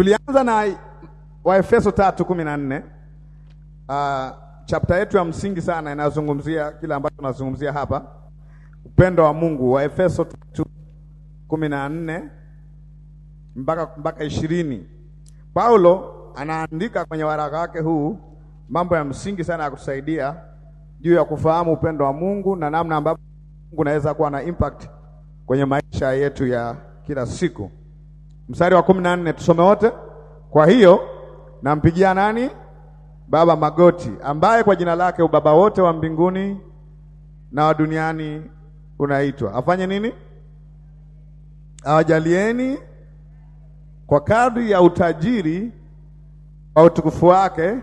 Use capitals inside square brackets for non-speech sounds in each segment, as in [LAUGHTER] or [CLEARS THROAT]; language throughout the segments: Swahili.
Tulianza na Waefeso tatu kumi na nne. Uh, ah, chapta yetu ya msingi sana inazungumzia kile ambacho tunazungumzia hapa, upendo wa Mungu. Waefeso tatu kumi na nne mpaka mpaka ishirini. Paulo anaandika kwenye waraka wake huu mambo ya msingi sana ya kutusaidia juu ya kufahamu upendo wa Mungu na namna ambavyo Mungu anaweza kuwa na impact kwenye maisha yetu ya kila siku mstari wa kumi na nne tusome wote. Kwa hiyo nampigia nani? Baba magoti, ambaye kwa jina lake ubaba wote wa mbinguni na wa duniani unaitwa, afanye nini? Awajalieni kwa kadri ya utajiri wa utukufu wake,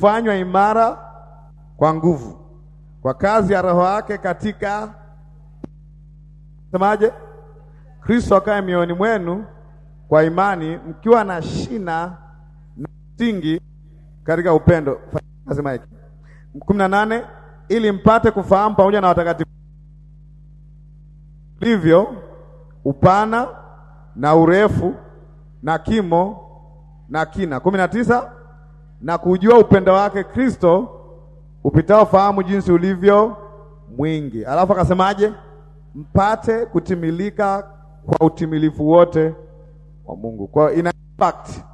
fanywa imara kwa nguvu, kwa kazi ya Roho yake katika semaje, Kristo akaye mioyoni mwenu kwa imani mkiwa na shina na msingi katika upendo. Nasema hiki kumi na nane ili mpate kufahamu pamoja na watakatifu livyo upana na urefu na kimo na kina. kumi na tisa na kujua upendo wake Kristo upitao fahamu jinsi ulivyo mwingi. Alafu akasemaje? Mpate kutimilika kwa utimilifu wote wa Mungu. Kwa hiyo ina impact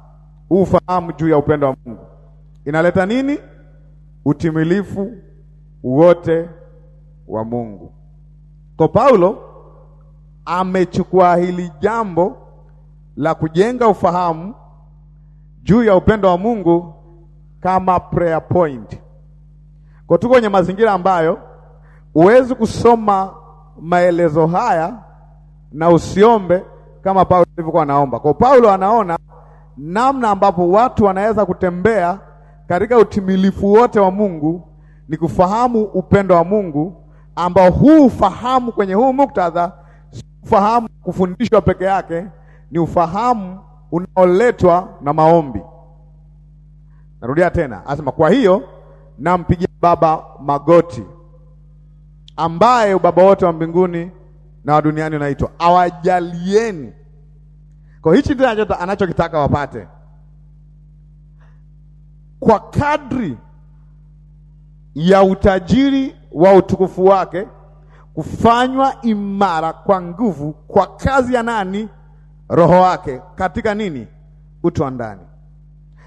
ufahamu juu ya upendo wa Mungu, inaleta nini? Utimilifu wote wa Mungu. Kwa Paulo amechukua hili jambo la kujenga ufahamu juu ya upendo wa Mungu kama prayer point. Kwa tuko kwenye mazingira ambayo huwezi kusoma maelezo haya na usiombe kama Paulo alivyokuwa anaomba. Kwa Paulo anaona namna ambapo watu wanaweza kutembea katika utimilifu wote wa Mungu ni kufahamu upendo wa Mungu ambao huu ufahamu kwenye huu muktadha si ufahamu kufundishwa peke yake, ni ufahamu unaoletwa na maombi. Narudia tena, asema kwa hiyo nampigia Baba magoti ambaye ubaba wote wa mbinguni na wa duniani unaitwa, awajalieni kwa hichi ndicho anachokitaka wapate, kwa kadri ya utajiri wa utukufu wake kufanywa imara kwa nguvu kwa kazi ya nani? Roho wake katika nini? Utu wa ndani.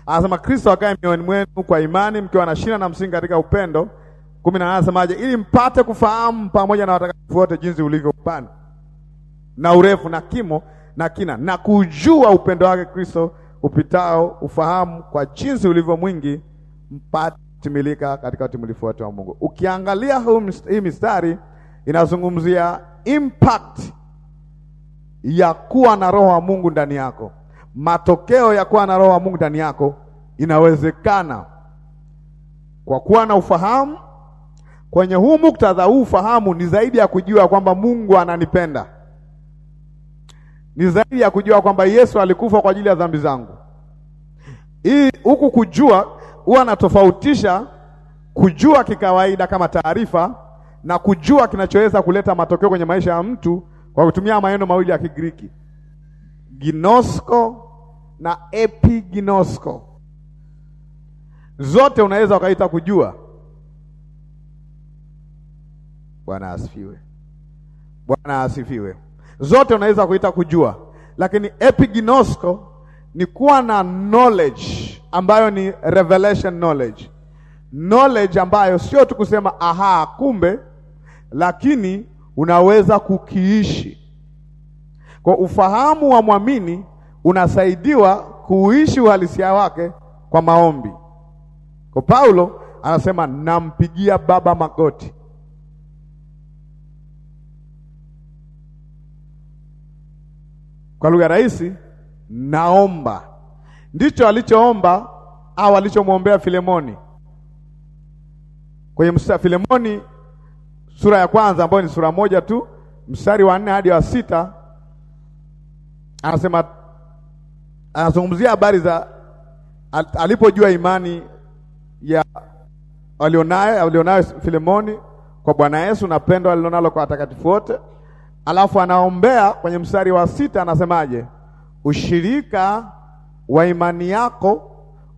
Anasema Kristo akae mioyoni mwenu kwa imani, mkiwa na shina na msingi katika upendo. kumi na nane anasemaje? Ili mpate kufahamu pamoja na watakatifu wote jinsi ulivyo upana na urefu na kimo na kina na kujua upendo wake Kristo upitao ufahamu kwa jinsi ulivyo mwingi mpate timilika katika utimilifu wote wa Mungu. Ukiangalia hii mistari inazungumzia impact ya kuwa na roho wa Mungu ndani yako. Matokeo ya kuwa na roho wa Mungu ndani yako inawezekana kwa kuwa na ufahamu. Kwenye huu muktadha, huu ufahamu ni zaidi ya kujua kwamba Mungu ananipenda ni zaidi ya kujua kwamba Yesu alikufa kwa ajili ya dhambi zangu. Hii huku kujua huwa anatofautisha kujua kikawaida kama taarifa na kujua kinachoweza kuleta matokeo kwenye maisha ya mtu kwa kutumia maneno mawili ya Kigiriki ginosko na epiginosko. Zote unaweza ukaita kujua. Bwana asifiwe. Bwana asifiwe. Zote unaweza kuita kujua, lakini epignosko ni kuwa na knowledge ambayo ni revelation knowledge, knowledge ambayo sio tu kusema aha, kumbe, lakini unaweza kukiishi kwa ufahamu wa mwamini, unasaidiwa kuishi uhalisia wake kwa maombi. Kwa Paulo anasema nampigia Baba magoti Kwa lugha rahisi, naomba ndicho alichoomba au alichomwombea Filemoni kwenye mstari Filemoni sura ya kwanza ambayo ni sura moja tu mstari wa nne hadi wa sita anasema, anazungumzia habari za alipojua imani ya walionayo Filemoni kwa Bwana Yesu na pendo alilonalo kwa watakatifu wote alafu anaombea kwenye mstari wa sita anasemaje? Ushirika wa imani yako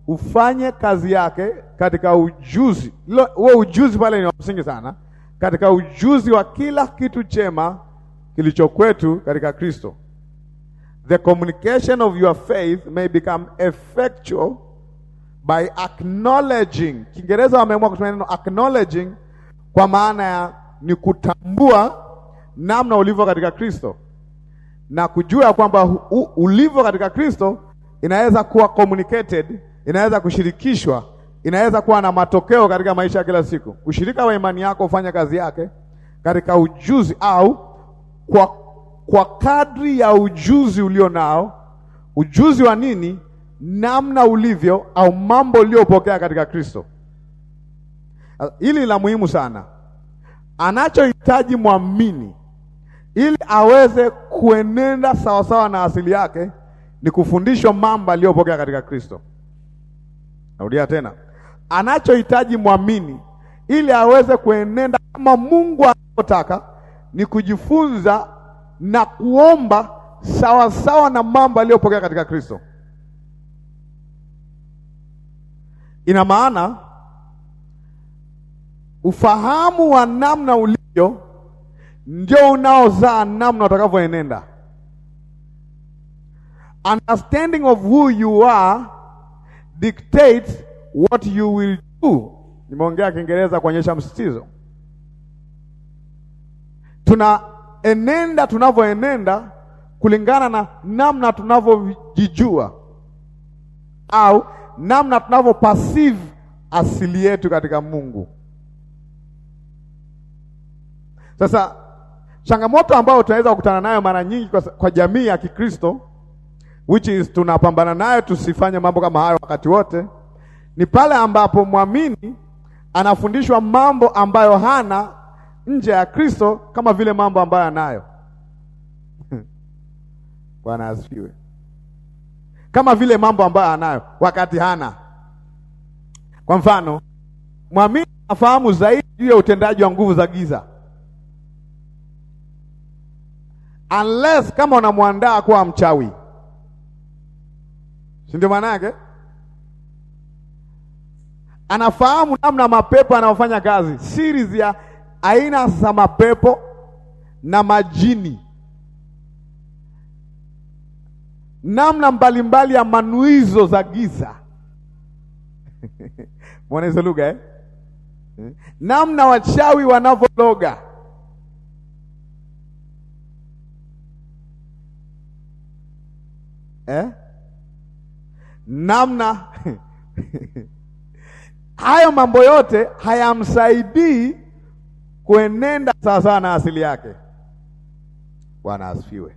ufanye kazi yake katika ujuzi. Huo ujuzi pale ni wa msingi sana, katika ujuzi wa kila kitu chema kilicho kwetu katika Kristo. The communication of your faith may become effectual by acknowledging. Kiingereza wameamua kutumia neno acknowledging kwa maana ya ni kutambua namna ulivyo katika Kristo, na kujua kwamba ulivyo katika Kristo inaweza kuwa communicated, inaweza kushirikishwa, inaweza kuwa na matokeo katika maisha ya kila siku. Ushirika wa imani yako ufanya kazi yake katika ujuzi au kwa, kwa kadri ya ujuzi ulio nao. Ujuzi wa nini? Namna ulivyo au mambo uliyopokea katika Kristo. Hili la muhimu sana, anachohitaji mwamini ili aweze kuenenda sawasawa na asili yake, ni kufundishwa mambo aliyopokea katika Kristo. Narudia tena, anachohitaji mwamini ili aweze kuenenda kama Mungu anavyotaka ni kujifunza na kuomba sawasawa na mambo aliyopokea katika Kristo. Ina maana ufahamu wa namna ulivyo ndio unaozaa namna utakavyoenenda. Understanding of who you are dictates what you will do. Nimeongea Kiingereza kuonyesha msisitizo. Tunaenenda tunavyoenenda kulingana na namna tunavyojijua au namna tunavyo perceive asili yetu katika Mungu. Sasa Changamoto ambayo tunaweza kukutana nayo mara nyingi kwa, kwa jamii ya Kikristo which is tunapambana nayo, tusifanye mambo kama hayo wakati wote, ni pale ambapo mwamini anafundishwa mambo ambayo hana nje ya Kristo, kama vile mambo ambayo anayo [LAUGHS] Bwana asifiwe. Kama vile mambo ambayo anayo wakati hana. Kwa mfano, mwamini afahamu zaidi juu ya utendaji wa nguvu za giza unless kama unamwandaa kuwa mchawi, si ndio? Maana yake anafahamu namna mapepo anayofanya kazi, series ya aina za mapepo na majini, namna mbalimbali ya manuizo za giza [LAUGHS] mwanaizo lugha eh? eh? namna wachawi wanavologa eh? namna [LAUGHS] hayo mambo yote hayamsaidii kuenenda sawasawa na asili yake. Bwana asifiwe.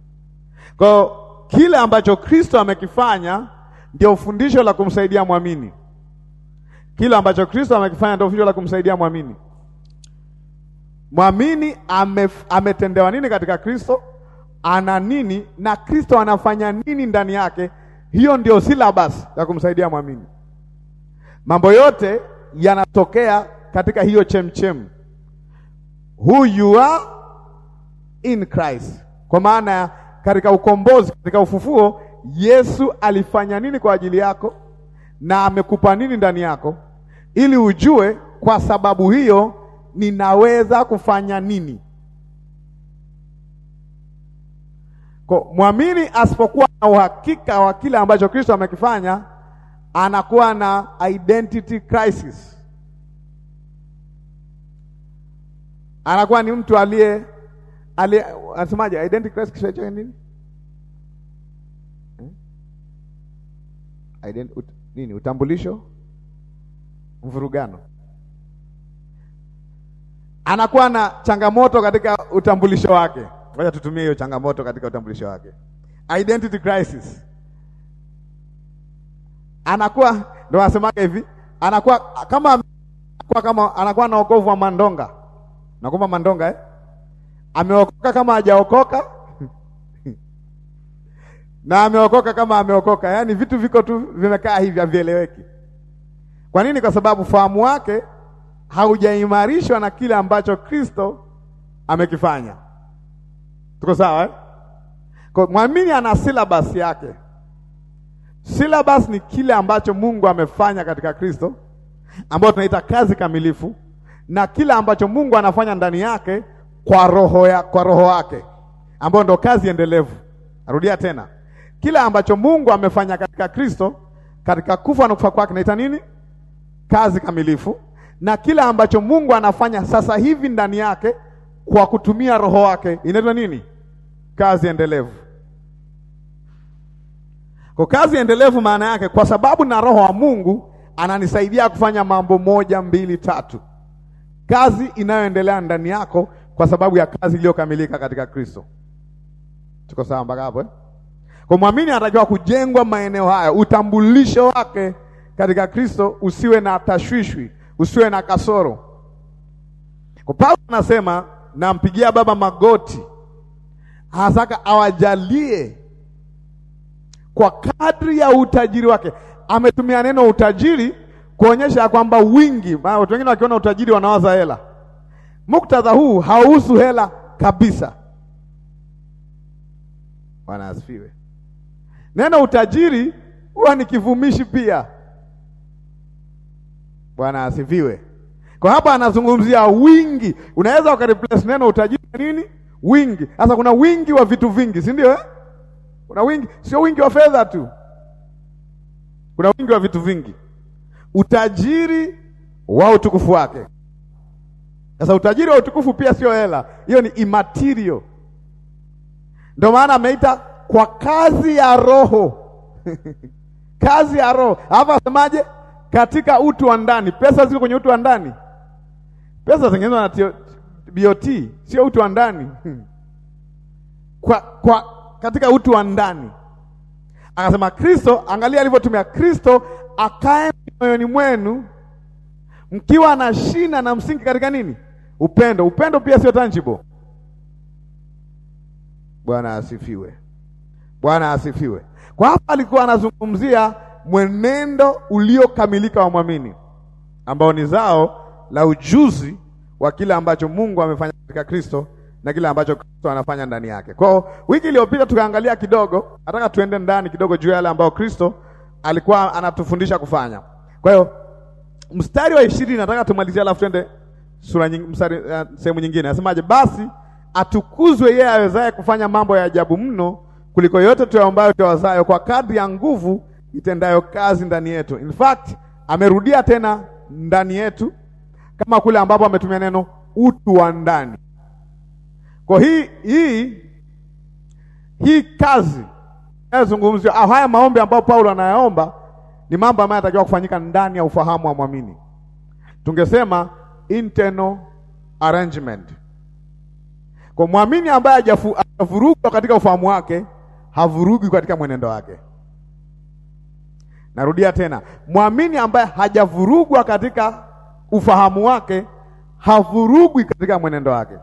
Kwa kile ambacho Kristo amekifanya ndio fundisho la kumsaidia mwamini. Kile ambacho Kristo amekifanya ndio fundisho la kumsaidia mwamini. Mwamini ame, ametendewa nini katika Kristo? ana nini na Kristo anafanya nini ndani yake. Hiyo ndio syllabus ya kumsaidia mwamini. Mambo yote yanatokea katika hiyo chemchem, who you are in Christ, kwa maana ya katika ukombozi, katika ufufuo, Yesu alifanya nini kwa ajili yako na amekupa nini ndani yako, ili ujue, kwa sababu hiyo ninaweza kufanya nini. Kwa mwamini asipokuwa na uhakika wa kile ambacho Kristo amekifanya, anakuwa na identity crisis. Anakuwa ni mtu aliye aliye, anasemaje identity crisis hicho nini? Hmm? Ident, ut, nini utambulisho, mvurugano. Anakuwa na changamoto katika utambulisho wake. Ngoja tutumie hiyo changamoto katika utambulisho wake. Identity crisis. Anakuwa ndio wasemaga hivi, anakuwa kama kwa kama anakuwa na wokovu wa Mandonga. Nakumba Mandonga eh? Ameokoka kama hajaokoka [LAUGHS] na ameokoka kama ameokoka, yaani vitu viko tu vimekaa hivi havieleweki. Kwa nini? Kwa sababu fahamu wake haujaimarishwa na kile ambacho Kristo amekifanya. Tuko sawa eh? Kwa mwamini ana syllabus yake. Syllabus ni kile ambacho Mungu amefanya katika Kristo, ambayo tunaita kazi kamilifu, na kile ambacho Mungu anafanya ndani yake kwa roho ya, kwa roho yake, ambayo ndo kazi endelevu. arudia tena, kile ambacho Mungu amefanya katika Kristo katika kufa na kufa kwake naita nini? Kazi kamilifu. Na kile ambacho Mungu anafanya sasa hivi ndani yake kwa kutumia roho wake inaitwa nini? kazi endelevu. Kwa kazi endelevu maana yake, kwa sababu na Roho wa Mungu ananisaidia kufanya mambo moja, mbili, tatu, kazi inayoendelea ndani yako kwa sababu ya kazi iliyokamilika katika Kristo. Tuko sawa mpaka hapo eh? Kwa mwamini anatakiwa kujengwa maeneo haya, utambulisho wake katika Kristo usiwe na tashwishwi, usiwe na kasoro. Kwa Paulo anasema nampigia Baba magoti hasaka awajalie kwa kadri ya utajiri wake. Ametumia neno utajiri kuonyesha ya kwamba wingi, maana watu wengine wakiona utajiri wanawaza hela. Muktadha huu hauhusu hela kabisa. Bwana asifiwe. Neno utajiri huwa ni kivumishi pia. Bwana asifiwe. Kwa hapa anazungumzia wingi, unaweza ukareplace neno utajiri na nini wingi. Sasa kuna wingi wa vitu vingi, si ndio eh? Kuna wingi, sio wingi wa fedha tu, kuna wingi wa vitu vingi, utajiri wa utukufu wake. Sasa utajiri wa utukufu pia sio hela, hiyo ni immaterial. Ndio maana ameita kwa kazi ya Roho [LAUGHS] kazi ya Roho hapa, asemaje? Katika utu wa ndani. Pesa ziko kwenye utu wa ndani, pesa zingenezwa na BOT sio utu wa ndani hmm. kwa, kwa katika utu wa ndani akasema Kristo, angalia alivyotumia Kristo, akae moyoni mwenu mkiwa na shina na msingi katika nini? Upendo. Upendo pia sio tangible. Bwana asifiwe, Bwana asifiwe. Kwa hapa alikuwa anazungumzia mwenendo uliokamilika wa mwamini ambao ni zao la ujuzi wa kile ambacho Mungu amefanya katika Kristo na kile ambacho Kristo anafanya ndani yake. Kwa hiyo wiki iliyopita tukaangalia kidogo, nataka tuende ndani kidogo juu ya yale ambayo Kristo alikuwa anatufundisha kufanya. Kwa hiyo mstari wa ishirini nataka tumalizie, alafu tuende sura nying, mstari uh, sehemu nyingine. Anasemaje? Basi atukuzwe yeye awezaye kufanya mambo ya ajabu mno kuliko yote tuyaombayo tuyawazayo, kwa kadri ya nguvu itendayo kazi ndani yetu. In fact, amerudia tena ndani yetu kama kule ambapo ametumia neno utu wa ndani. Kwa hii hii hii kazi inayozungumziwa au haya maombi ambayo Paulo anayaomba ni mambo ambayo yanatakiwa kufanyika ndani ya ufahamu wa mwamini, tungesema internal arrangement. Kwa mwamini ambaye hajavurugwa katika ufahamu wake, havurugi katika mwenendo wake. Narudia tena, mwamini ambaye hajavurugwa katika ufahamu wake havurugwi katika mwenendo wake.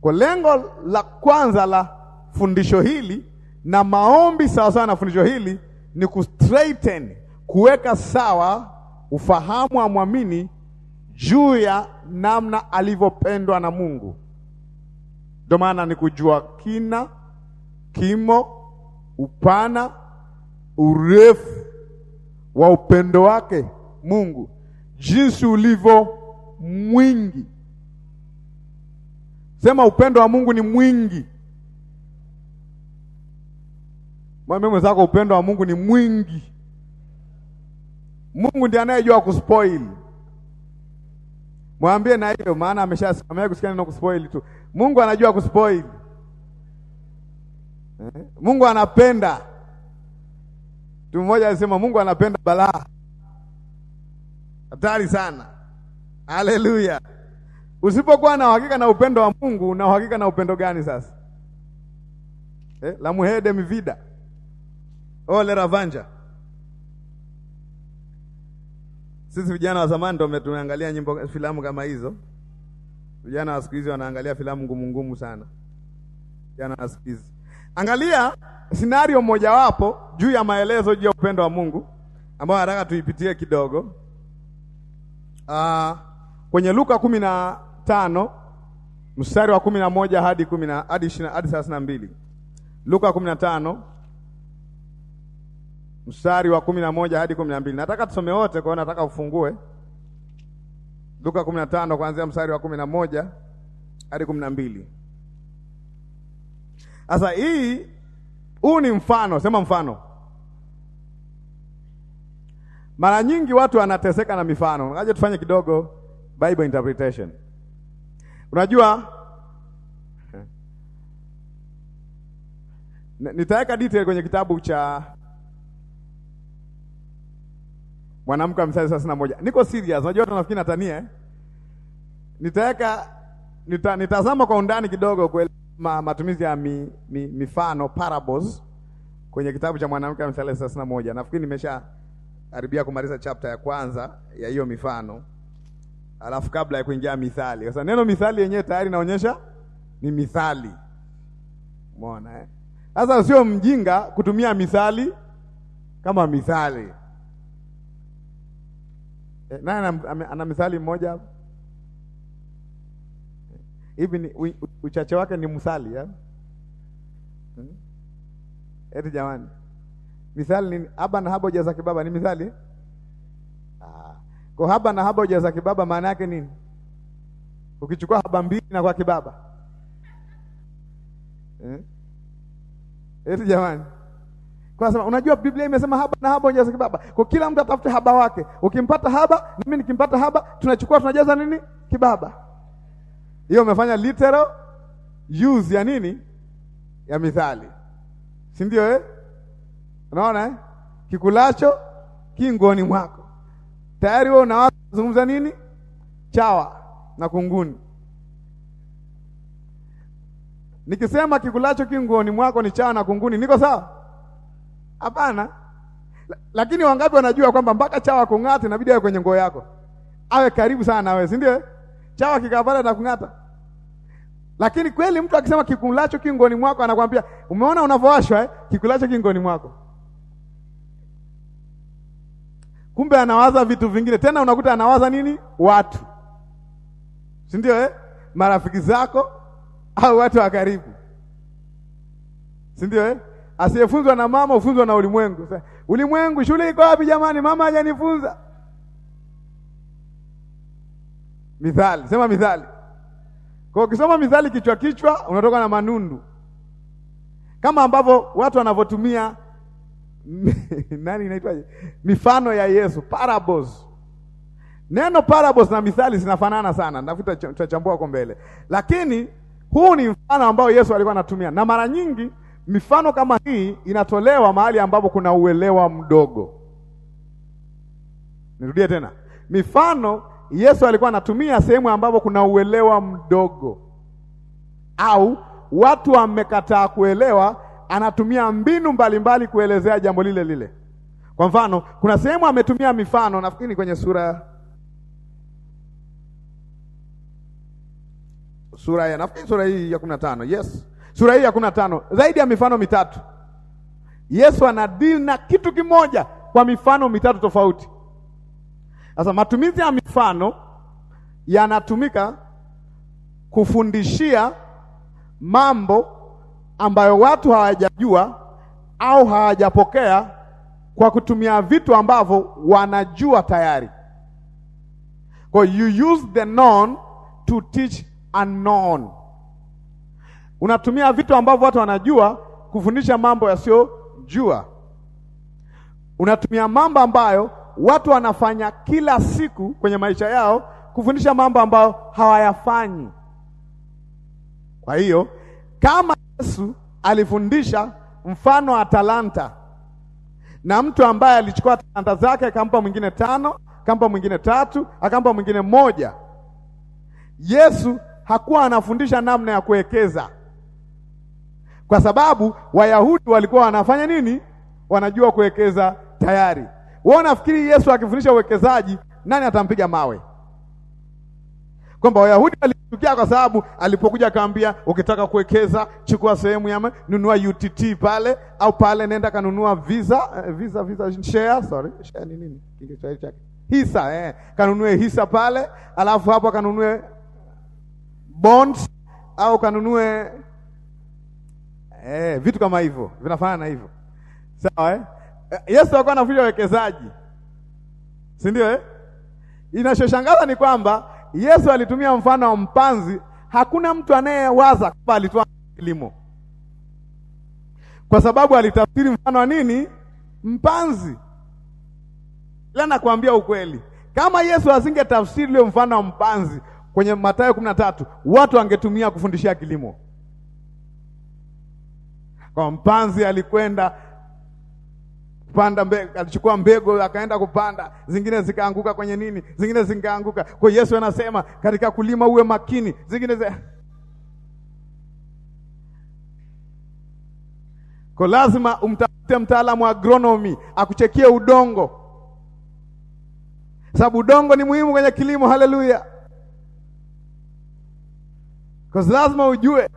Kwa lengo la kwanza la fundisho hili na maombi sawasawa na fundisho hili ni kustraighten, kuweka sawa ufahamu wa mwamini juu ya namna alivyopendwa na Mungu. Ndio maana ni kujua kina, kimo, upana, urefu wa upendo wake Mungu, jinsi ulivyo mwingi. Sema upendo wa Mungu ni mwingi. Mwambie mwenzako upendo wa Mungu ni mwingi. Mungu ndiye anayejua kuspoil. Mwambie na hiyo maana ameshasamea kusikia neno kuspoil tu. Mungu anajua kuspoil. Eh? Mungu anapenda. Mtu mmoja alisema Mungu anapenda balaa. Hatari sana. Haleluya! Usipokuwa na uhakika na upendo wa Mungu, una uhakika na upendo gani sasa? Eh, la muhede mivida ole oh, ravanja. Sisi vijana wa zamani ndio tumeangalia nyimbo, filamu kama hizo. Vijana wa siku hizi wanaangalia filamu ngumu ngumu sana. Vijana wa siku hizi, angalia scenario mojawapo juu ya maelezo juu ya upendo wa Mungu ambayo nataka tuipitie kidogo uh, kwenye Luka kumi na tano mstari wa kumi na moja hadi kumi na hadi thelathini na mbili Luka kumi na tano mstari wa kumi na moja hadi kumi na mbili Nataka tusome wote, kwa hiyo nataka ufungue Luka kumi na tano kuanzia mstari wa kumi na moja hadi kumi na mbili Sasa hii huu ni mfano, sema mfano mara nyingi watu wanateseka na mifano. Ngaje tufanye kidogo Bible interpretation. Unajua nitaweka detail kwenye kitabu cha mwanamke wa Mithali thelathini na moja. Niko serious. Unajua watu nafikiri natania eh? Nitaweka nita, nitazama kwa undani kidogo kwa ma, matumizi ya mi, mi, mifano parables kwenye kitabu cha mwanamke wa Mithali thelathini na moja. Nafikiri nimesha karibia kumaliza chapta ya kwanza ya hiyo mifano, alafu kabla ya kuingia mithali. Sasa neno mithali yenyewe tayari inaonyesha ni mithali, umeona eh? Sasa sio mjinga kutumia mithali kama mithali eh, naye ana mithali mmoja hapo eh, hivi ni uchache wake ni mthali ya? Eh? Hmm? Eti jamani Mithali ni haba na haba hujaza kibaba ni mithali? Ah. Kwa haba na haba hujaza kibaba maana yake nini? Ukichukua haba mbili na kwa kibaba. Eh? Eti jamani. Kwa sababu unajua Biblia imesema haba na haba hujaza kibaba. Kwa kila mtu atafute haba wake. Ukimpata haba, na mimi nikimpata haba, tunachukua tunajaza nini? Kibaba. Hiyo umefanya literal use ya nini? Ya mithali. Si ndio eh? Unaona eh? Kikulacho kingoni mwako. Tayari wewe unawazungumza nini? Chawa na kunguni. Nikisema kikulacho kingoni mwako ni chawa na kunguni, niko sawa? Hapana. Lakini wangapi wanajua kwamba mpaka chawa kung'ata inabidi awe kwenye ngoo yako, awe karibu sana na wewe, si ndio? Eh? Chawa kikapata na kung'ata. Lakini kweli mtu akisema kikulacho kingoni mwako, anakwambia umeona unavyowashwa eh? Kikulacho kingoni mwako kumbe anawaza vitu vingine tena, unakuta anawaza nini? Watu, si ndio eh? Marafiki zako [LAUGHS] au watu wa karibu, si ndio eh? Asiyefunzwa na mama ufunzwa na ulimwengu. ulimwengu, shule iko wapi jamani? Mama hajanifunza. Mithali, sema Mithali. Kwa ukisoma Mithali kichwa kichwa, unatoka na manundu, kama ambavyo watu wanavyotumia [LAUGHS] nani inaitwaje? Mifano ya Yesu, parables. Neno parables na mithali zinafanana sana, nafuta tutachambua huko mbele, lakini huu ni mfano ambao Yesu alikuwa anatumia, na mara nyingi mifano kama hii inatolewa mahali ambapo kuna uelewa mdogo. Nirudie tena, mifano Yesu alikuwa anatumia sehemu ambapo kuna uelewa mdogo, au watu wamekataa kuelewa anatumia mbinu mbalimbali mbali kuelezea jambo lile lile. Kwa mfano, kuna sehemu ametumia mifano, nafikiri kwenye sura sura ya nafikiri sura hii ya kumi na tano yes, sura hii ya kumi na tano zaidi ya mifano mitatu. Yesu ana deal na kitu kimoja kwa mifano mitatu tofauti. Sasa matumizi ya mifano yanatumika kufundishia mambo ambayo watu hawajajua au hawajapokea kwa kutumia vitu ambavyo wanajua tayari. Kwa you use the known to teach unknown. Unatumia vitu ambavyo watu wanajua kufundisha mambo yasiyojua. Unatumia mambo ambayo watu wanafanya kila siku kwenye maisha yao kufundisha mambo ambayo hawayafanyi. Kwa hiyo kama Yesu alifundisha mfano wa talanta, na mtu ambaye alichukua talanta zake akampa mwingine tano, akampa mwingine tatu, akampa mwingine moja. Yesu hakuwa anafundisha namna ya kuwekeza, kwa sababu Wayahudi walikuwa wanafanya nini? Wanajua kuwekeza tayari. Wao nafikiri Yesu akifundisha uwekezaji, nani atampiga mawe? kwamba Wayahudi walichukia kwa sababu alipokuja akaambia, ukitaka kuwekeza chukua sehemu ya nunua UTT pale au pale, nenda kanunua visa eh, visa visa share, sorry share ni nini Kiswahili chake? Hisa eh, kanunue hisa pale, alafu hapo kanunue bonds au kanunue eh, vitu kama hivyo vinafanana na hivyo, sawa eh? eh Yesu alikuwa anafunza wawekezaji, si ndio eh? Inachoshangaza ni kwamba Yesu alitumia mfano wa mpanzi. Hakuna mtu anayewaza kwamba alitoa kilimo, kwa sababu alitafsiri mfano wa nini? Mpanzi. Ila nakwambia ukweli, kama Yesu asinge tafsiri ile mfano wa mpanzi kwenye Mathayo kumi na tatu, watu angetumia kufundishia kilimo. Kwa mpanzi alikwenda kupanda mbegu, alichukua mbegu akaenda kupanda, zingine zikaanguka kwenye nini, zingine zikaanguka. Kwa Yesu anasema katika kulima uwe makini, zingine zi... Kwa lazima umtafute mtaalamu wa agronomy akuchekie udongo, sababu udongo ni muhimu kwenye kilimo. Haleluya! Kwa lazima ujue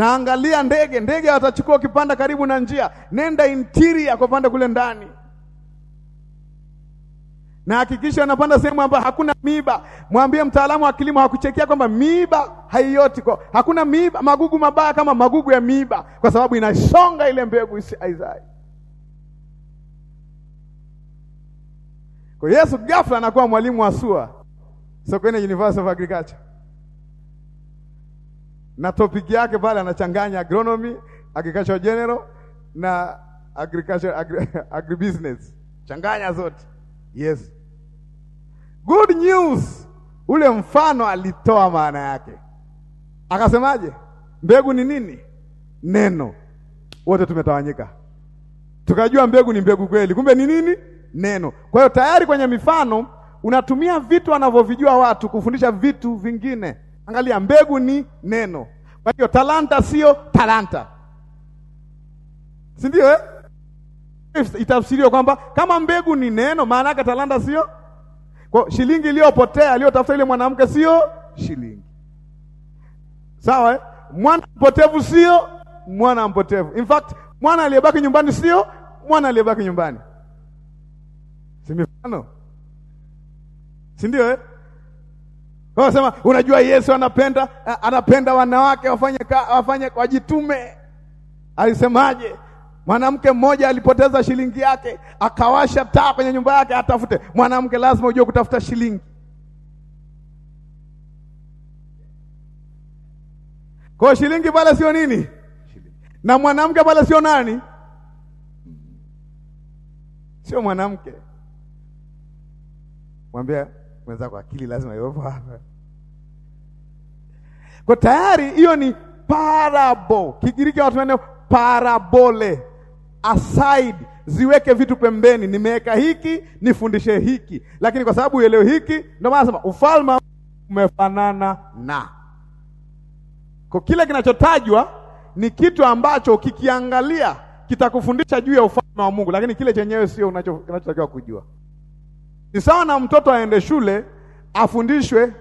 naangalia ndege, ndege watachukua ukipanda karibu na njia, nenda interior kwa panda kule ndani, na hakikisha unapanda sehemu ambayo hakuna miiba. Mwambie mtaalamu wa kilimo hakuchekia kwamba miiba haioti kwa, hakuna miiba, magugu mabaya kama magugu ya miiba, kwa sababu inashonga ile mbegu isiaizai. Kwa Yesu ghafla anakuwa mwalimu wa SUA, Sokoine University of Agriculture na topic yake pale anachanganya agronomy, agriculture general na agriculture agri, [LAUGHS] agribusiness. Changanya zote. Yes. Good news. Ule mfano alitoa maana yake. Akasemaje? Mbegu ni nini? Neno. Wote tumetawanyika. Tukajua mbegu ni mbegu kweli. Kumbe ni nini? Neno. Kwa hiyo tayari kwenye mifano unatumia vitu wanavyovijua watu kufundisha vitu vingine. Angalia, mbegu ni neno. Kwa hiyo talanta sio talanta, si ndio eh? Itafsiriwa kwamba kama mbegu ni neno, maana yake talanta sio kwa shilingi iliyopotea aliyotafuta ile mwanamke sio shilingi. Sawa eh? Mwana mpotevu sio mwana mpotevu. In fact, mwana aliyebaki nyumbani sio mwana aliyebaki nyumbani. Si mifano, si ndio eh? Wanasema unajua, Yesu anapenda anapenda wanawake wafanye wafanye wajitume. Alisemaje? Mwanamke mmoja alipoteza shilingi yake, akawasha taa kwenye nyumba yake atafute. Mwanamke lazima ujue kutafuta shilingi. Kwa shilingi pale sio nini, na mwanamke pale sio nani, sio mwanamke. Mwambia mwenzako, akili lazima iwepo hapa. Kwa tayari hiyo ni parabo. Kigiriki watu wanao parabole, aside ziweke vitu pembeni, nimeweka hiki, nifundishe hiki, lakini kwa sababu uelewe hiki, ndio maana sema ufalme umefanana na. Kwa kile kinachotajwa ni kitu ambacho ukikiangalia kitakufundisha juu ya ufalme wa Mungu, lakini kile chenyewe sio unachotakiwa kujua. Ni sawa na mtoto aende shule afundishwe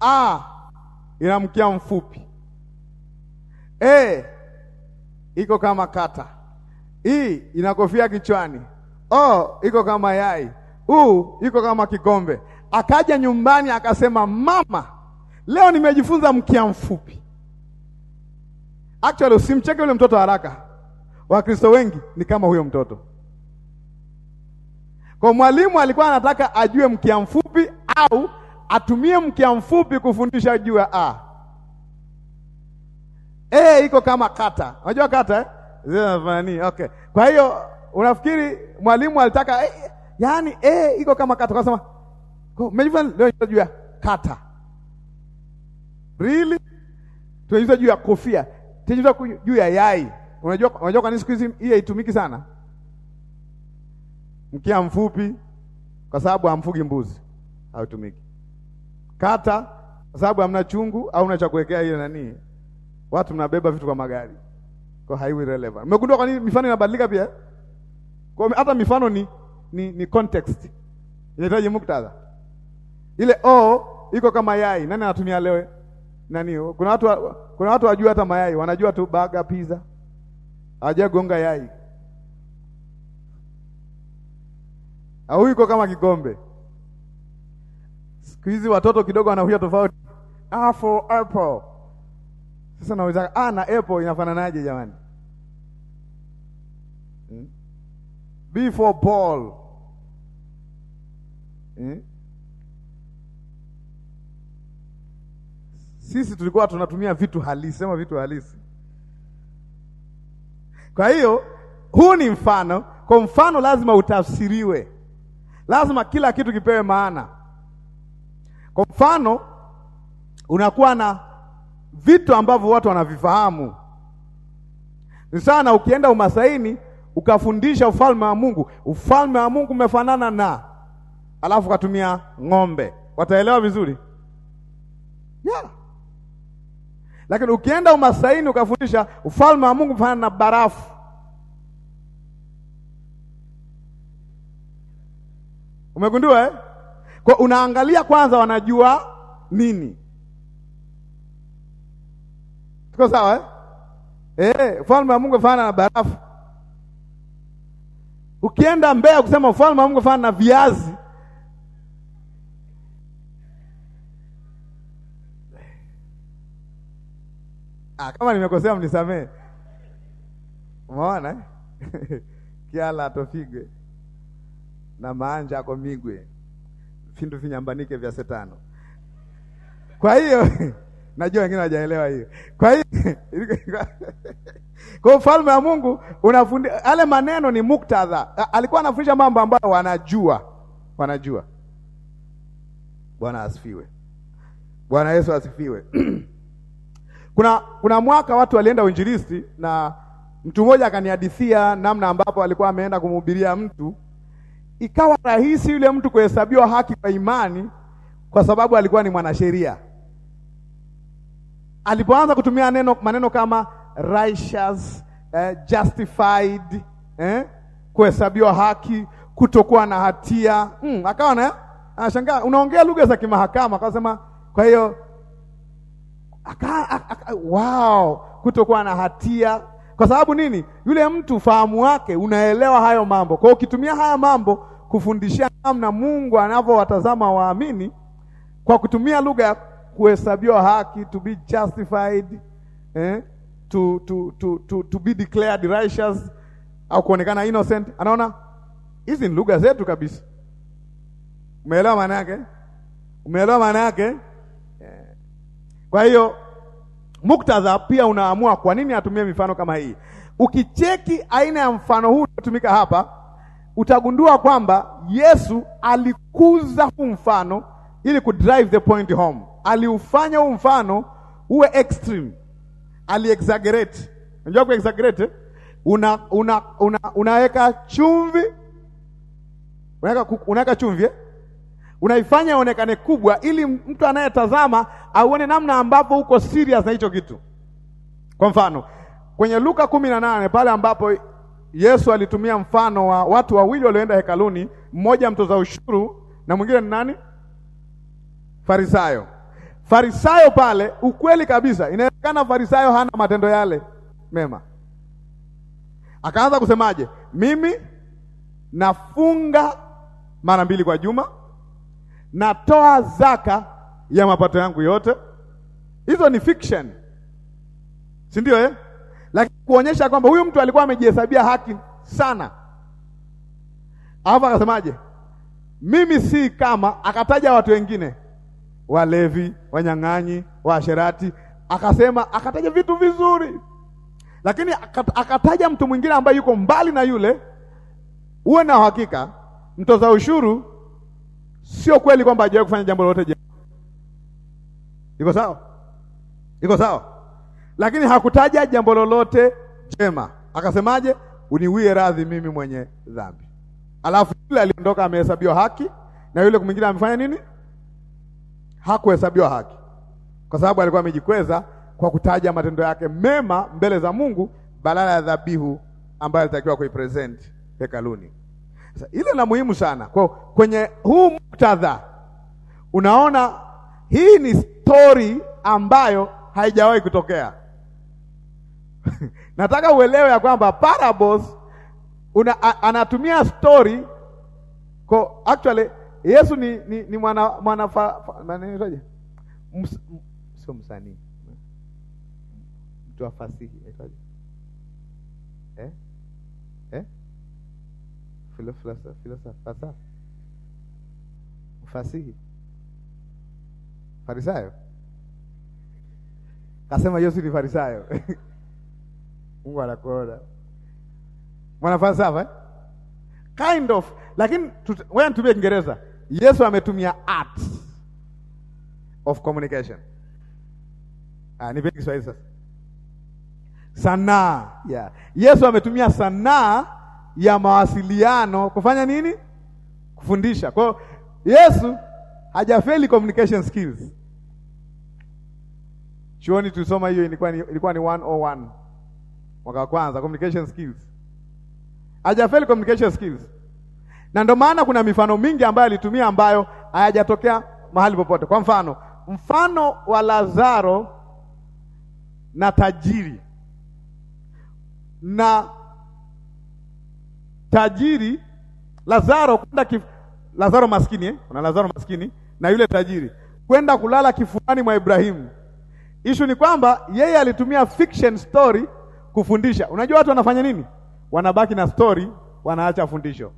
a ina mkia mfupi, e iko kama kata, i e, ina kofia kichwani, o iko kama yai, u iko kama kikombe. Akaja nyumbani akasema, mama, leo nimejifunza mkia mfupi. Actually, usimcheke yule mtoto haraka. Wakristo wengi ni kama huyo mtoto. Kwa mwalimu alikuwa anataka ajue mkia mfupi au atumie mkia mfupi kufundisha juu ya a. E, iko kama kata. Unajua kata eh? Zinafanya nini? okay. Kwa hiyo unafikiri mwalimu alitaka eh, yaani e, iko kama kata kwa sema. Umejifunza leo juu ya kata. Really? Tunajifunza juu ya kofia. Tunajifunza juu ya yai. Unajua unajua kwa nini siku hizi hii haitumiki sana? mkia mfupi kwa sababu hamfugi mbuzi hautumiki. Kata kwa sababu hamna chungu au una cha kuwekea ile nani, watu mnabeba vitu kwa magari, kwa haiwi relevant. Umegundua kwa nini mifano inabadilika pia? Kwa hata mifano ni ni, ni context inahitaji muktadha. Ile o iko kama yai, nani anatumia leo nani? Kuna watu kuna watu wajua hata mayai, wanajua tu baga, pizza, hawajagonga yai au iko kama kikombe. Siku hizi watoto kidogo wanahuja tofauti, a ah, for apple. Sasa naweza a ah, na apple inafananaje jamani? Hmm? B for ball hmm? Sisi tulikuwa tunatumia vitu halisi, sema vitu halisi. Kwa hiyo huu ni mfano, kwa mfano lazima utafsiriwe lazima kila kitu kipewe maana. Kwa mfano, unakuwa na vitu ambavyo watu wanavifahamu. Ni sana ukienda umasaini ukafundisha ufalme wa Mungu, ufalme wa Mungu umefanana na, alafu ukatumia ng'ombe, wataelewa vizuri yeah. Lakini ukienda umasaini ukafundisha ufalme wa Mungu umefanana na barafu Umegundua eh? Kwa unaangalia kwanza wanajua nini. Tuko sawa eh? Eh, ufalme wa Mungu fana na barafu. Ukienda Mbeya kusema ufalme wa Mungu fana na viazi. Ah, kama nimekosea mnisamee. Umeona? Eh? [LAUGHS] Kiala atofigwe na maanja yako migwe vindu vinyambanike vya setano. Kwa hiyo [LAUGHS] najua wengine hawajaelewa hiyo. Kwa hiyo [LAUGHS] kwa ufalme wa Mungu unafundisha, yale maneno ni muktadha. Alikuwa anafundisha mambo ambayo wanajua, wanajua. Bwana asifiwe. Bwana Yesu asifiwe. [CLEARS THROAT] Kuna, kuna mwaka watu walienda uinjilisti na mtu mmoja akanihadithia namna ambapo alikuwa ameenda kumhubiria mtu ikawa rahisi yule mtu kuhesabiwa haki kwa imani, kwa sababu alikuwa ni mwanasheria. Alipoanza kutumia neno maneno kama righteous, eh, justified, eh, kuhesabiwa haki, kutokuwa na hatia mm, akawa na anashangaa, unaongea lugha za kimahakama. Akasema kwa hiyo wow, kutokuwa na hatia kwa sababu nini? Yule mtu fahamu wake unaelewa hayo mambo. Kwa hiyo ukitumia haya mambo kufundishia namna Mungu anavyowatazama waamini kwa kutumia lugha ya kuhesabiwa haki, to be justified, eh, to, to, to, to, to be declared righteous au kuonekana innocent. Anaona hizi ni lugha zetu kabisa. Umeelewa maana yake? Umeelewa maana yake? Kwa hiyo muktadha pia unaamua kwa nini atumie mifano kama hii. Ukicheki aina ya mfano huu unaotumika hapa utagundua kwamba Yesu alikuza huu mfano ili ku drive the point home. Aliufanya huu mfano uwe extreme, aliexaggerate. Unajua ku exaggerate, una una unaweka chumvi, unaweka unaweka chumvi eh? unaifanya ionekane kubwa ili mtu anayetazama auone namna ambapo uko serious na hicho kitu. Kwa mfano kwenye Luka kumi na nane pale ambapo Yesu alitumia mfano wa watu wawili walioenda hekaluni, mmoja mtoza ushuru na mwingine ni nani? Farisayo. Farisayo pale, ukweli kabisa, inawezekana Farisayo hana matendo yale mema. Akaanza kusemaje? Mimi nafunga mara mbili kwa juma, natoa zaka ya mapato yangu yote. Hizo ni fiction, si ndio eh? lakini kuonyesha kwamba huyu mtu alikuwa amejihesabia haki sana, alafu akasemaje, mimi si kama, akataja watu wengine, walevi, wanyang'anyi, waasherati, akasema, akataja vitu vizuri, lakini akataja mtu mwingine ambaye yuko mbali na yule. Uwe na uhakika mtoza ushuru sio kweli kwamba hajawahi kufanya jambo lolote jema. Iko sawa? Iko sawa? lakini hakutaja jambo lolote jema. Akasemaje? uniwie radhi mimi mwenye dhambi. Alafu yule aliondoka amehesabiwa haki, na yule mwingine amefanya nini? Hakuhesabiwa haki, kwa sababu alikuwa amejikweza kwa kutaja matendo yake mema mbele za Mungu badala ya dhabihu ambayo alitakiwa kuipresent hekaluni. Sasa ile la muhimu sana kwa kwenye huu muktadha, unaona hii ni stori ambayo haijawahi kutokea. [LAUGHS] nataka uelewe ya kwamba parables una, a, anatumia story ko actually Yesu ni ni, ni mwana mwana fa, fa, nani manaje, sio msanii, mtu wa fasihi eh eh, filosofa filosofa, mfasihi, farisayo, kasema Yesu ni farisayo [LAUGHS] Mungu anakuona sawa eh? kind of lakini wewe nitumie Kiingereza. Yesu ametumia art of communication. Ah, ni vipi Kiswahili sasa. Sanaa yeah. Yesu ametumia sanaa ya mawasiliano kufanya nini? Kufundisha. Kwa hiyo Yesu hajafeli communication skills. Chuoni tusoma hiyo, ilikuwa ni, ilikuwa ni 101 mwaka wa kwanza communication skills. Hajafeli communication skills. Na ndio maana kuna mifano mingi ambayo alitumia ambayo hayajatokea mahali popote. Kwa mfano, mfano wa Lazaro na tajiri na tajiri Lazaro kwenda kif... Lazaro maskini eh? Kuna Lazaro maskini na yule tajiri kwenda kulala kifuani mwa Ibrahimu. Ishu ni kwamba yeye alitumia fiction story kufundisha. Unajua watu wanafanya nini? Wanabaki na stori, wanaacha fundisho.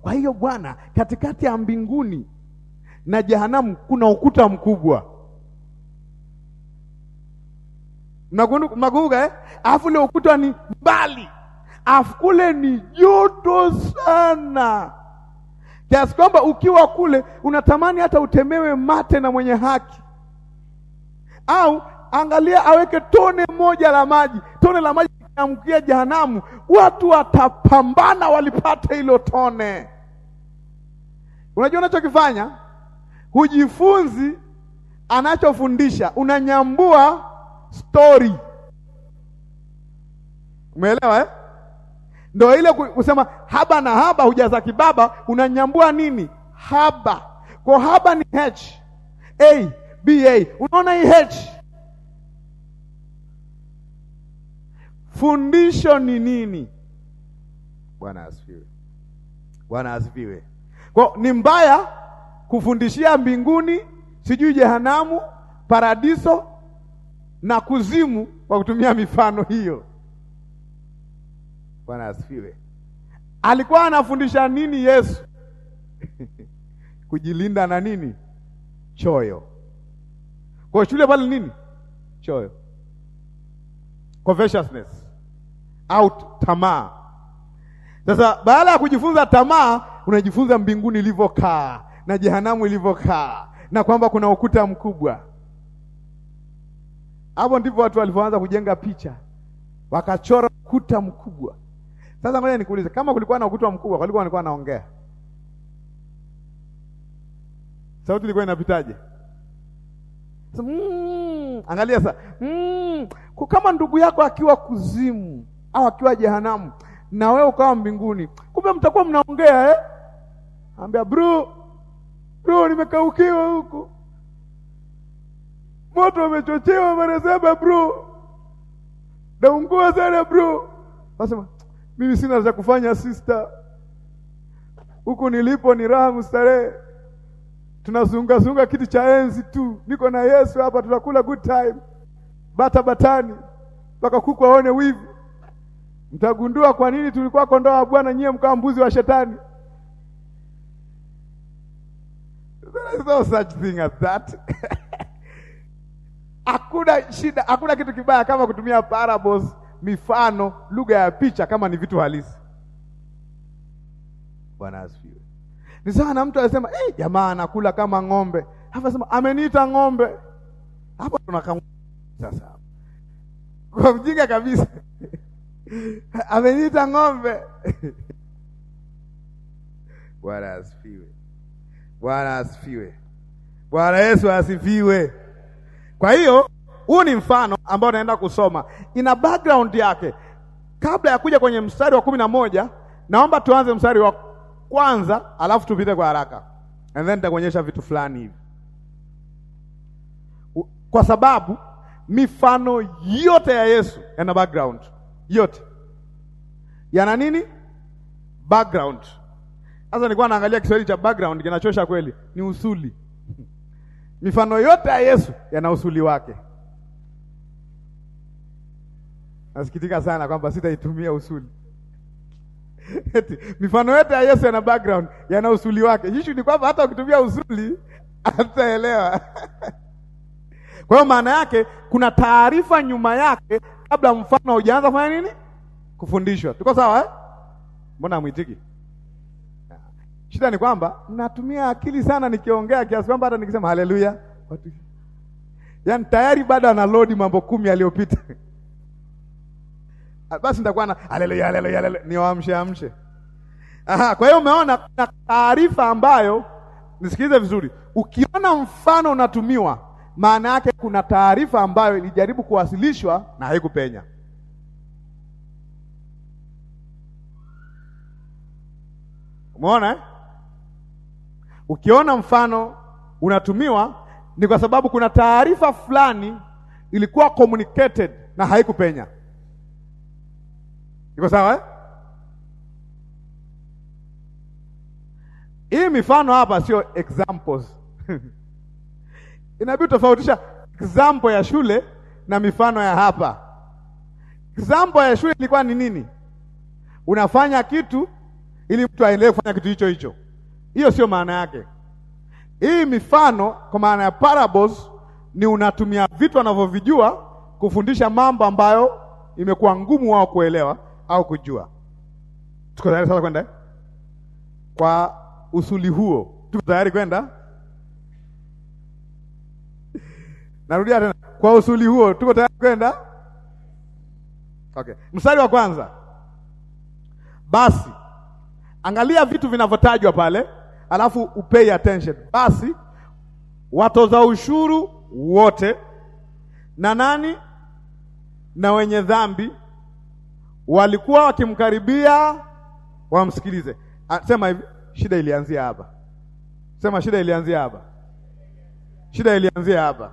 Kwa hiyo Bwana, katikati ya mbinguni na jehanamu kuna ukuta mkubwa, mnakumbuka eh? Alafu ile ukuta ni mbali, alafu kule ni joto sana kiasi kwamba ukiwa kule unatamani hata utemewe mate na mwenye haki au angalia aweke tone moja la maji. Tone la maji likiangukia jehanamu, watu watapambana walipate hilo tone. Unajua unachokifanya, hujifunzi anachofundisha, unanyambua stori. Umeelewa eh? Ndio ile kusema haba na haba hujaza kibaba, unanyambua nini? Haba. Kwa haba ni H A B A. Unaona hii Fundisho ni nini? Bwana asifiwe. Bwana asifiwe. Kwa ni mbaya kufundishia mbinguni, sijui jehanamu, paradiso na kuzimu kwa kutumia mifano hiyo. Bwana asifiwe. Alikuwa anafundisha nini Yesu? [LAUGHS] Kujilinda na nini? Choyo. Kwa shule pale nini? Choyo. Covetousness au tamaa. Sasa baada ya kujifunza tamaa, unajifunza mbinguni ilivyokaa na jehanamu ilivyokaa na kwamba kuna ukuta mkubwa. Hapo ndipo watu walipoanza kujenga picha, wakachora ukuta mkubwa. Sasa ngoja nikuulize, kama kulikuwa na ukuta mkubwa, kulikuwa walikuwa wanaongea, sauti ilikuwa inapitaje? Mm, angalia sasa, mm, kama ndugu yako akiwa kuzimu au akiwa jehanamu na wewe ukawa mbinguni, kumbe mtakuwa mnaongea eh? Ambia bro, bro, nimekaukiwa huku, moto umechochewa mara saba bro, naungua sana bro. Nasema mimi sina cha kufanya sister, huku nilipo ni raha mustarehe, tunazungazunga kiti cha enzi tu, niko na Yesu hapa, tunakula good time bata batani mpaka kuku aone wivu mtagundua kwa nini tulikuwa kondoo wa Bwana, nyie mkawa mbuzi wa Shetani. There is no such thing as that. [LAUGHS] Hakuna shida, hakuna kitu kibaya kama kutumia parables, mifano, lugha ya picha, kama ni vitu halisi. Bwana asifiwe. Ni sawa na mtu anasema eh, jamaa anakula kama ng'ombe, Hapo anasema ameniita ng'ombe. Hapo tunakaa sasa, kwa mjinga kabisa [LAUGHS] ameniita ng'ombe. [LAUGHS] Bwana asifiwe! Bwana asifiwe! Bwana Yesu asifiwe! Kwa hiyo huu ni mfano ambao naenda kusoma, ina background yake kabla ya kuja kwenye mstari wa kumi na moja. Naomba tuanze mstari wa kwanza, alafu tupite kwa haraka and then nitakuonyesha vitu fulani hivi, kwa sababu mifano yote ya Yesu yana background yote yana nini? Background. Sasa nilikuwa naangalia Kiswahili cha background, kinachosha kweli, ni usuli. [LAUGHS] Mifano yote ya Yesu yana usuli wake. Nasikitika sana kwamba sitaitumia usuli. [LAUGHS] Eti, mifano yote ya Yesu yana background, yana usuli wake. hishu ni kwamba hata ukitumia usuli [LAUGHS] hataelewa. Kwa hiyo maana yake kuna taarifa nyuma yake kabla mfano hujaanza kufanya nini? Kufundishwa. Tuko sawa eh? Mbona hamwitiki? Shida ni kwamba natumia akili sana nikiongea kiasi kwamba hata nikisema haleluya watu yaani tayari bado ana load mambo kumi aliyopita. [LAUGHS] Basi nitakuwa na haleluya haleluya haleluya niwaamshe amshe. Aha, kwa hiyo umeona kuna taarifa ambayo nisikilize vizuri. Ukiona mfano unatumiwa maana yake kuna taarifa ambayo ilijaribu kuwasilishwa na haikupenya. Umeona eh? Ukiona mfano unatumiwa ni kwa sababu kuna taarifa fulani ilikuwa communicated na haikupenya. Iko sawa eh? Hii mifano hapa sio examples [LAUGHS] Inabidi tofautisha example ya shule na mifano ya hapa. Example ya shule ilikuwa ni nini? Unafanya kitu ili mtu aendelee kufanya kitu hicho hicho. Hiyo sio maana yake. Hii mifano kwa maana ya parables ni unatumia vitu wanavyovijua kufundisha mambo ambayo imekuwa ngumu wao kuelewa au kujua. Tuko tayari sasa kwenda kwa usuli huo? Tuko tayari kwenda? Narudia tena kwa usuli huo, tuko tayari kwenda? Okay, mstari wa kwanza. Basi angalia vitu vinavyotajwa pale, alafu upay attention. Basi watoza ushuru wote na nani na wenye dhambi walikuwa wakimkaribia wamsikilize. Ah, sema hivi, shida ilianzia hapa. Sema shida ilianzia hapa. Shida ilianzia hapa.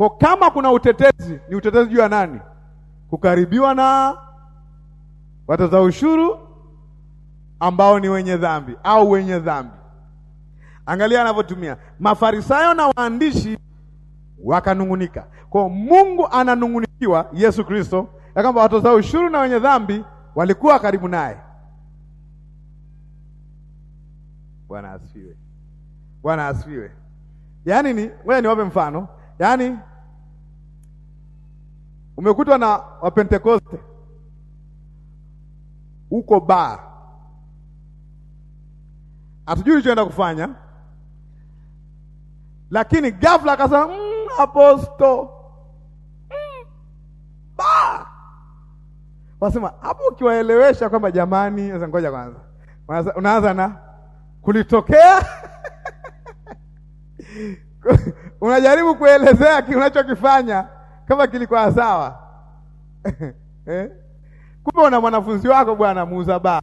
Kwa kama kuna utetezi, ni utetezi juu ya nani? Kukaribiwa na watoza ushuru ambao ni wenye dhambi au wenye dhambi. Angalia anavyotumia Mafarisayo na waandishi wakanungunika. Kwa Mungu ananungunikiwa Yesu Kristo ya kwamba watoza ushuru na wenye dhambi walikuwa karibu naye. Bwana asifiwe. Bwana asifiwe. Yaani ni wewe niwape mfano. Yaani Umekutwa na Wapentekoste uko baa, hatujui ulichoenda kufanya, lakini ghafla akasema mmm, aposto mmm, baa. Wasema hapo, ukiwaelewesha kwamba jamani, ngoja kwanza, unaanza na kulitokea [LAUGHS] unajaribu kuelezea unachokifanya kama kilikuwa sawa [LAUGHS] eh? Kumbe una mwanafunzi wako bwana muuza baa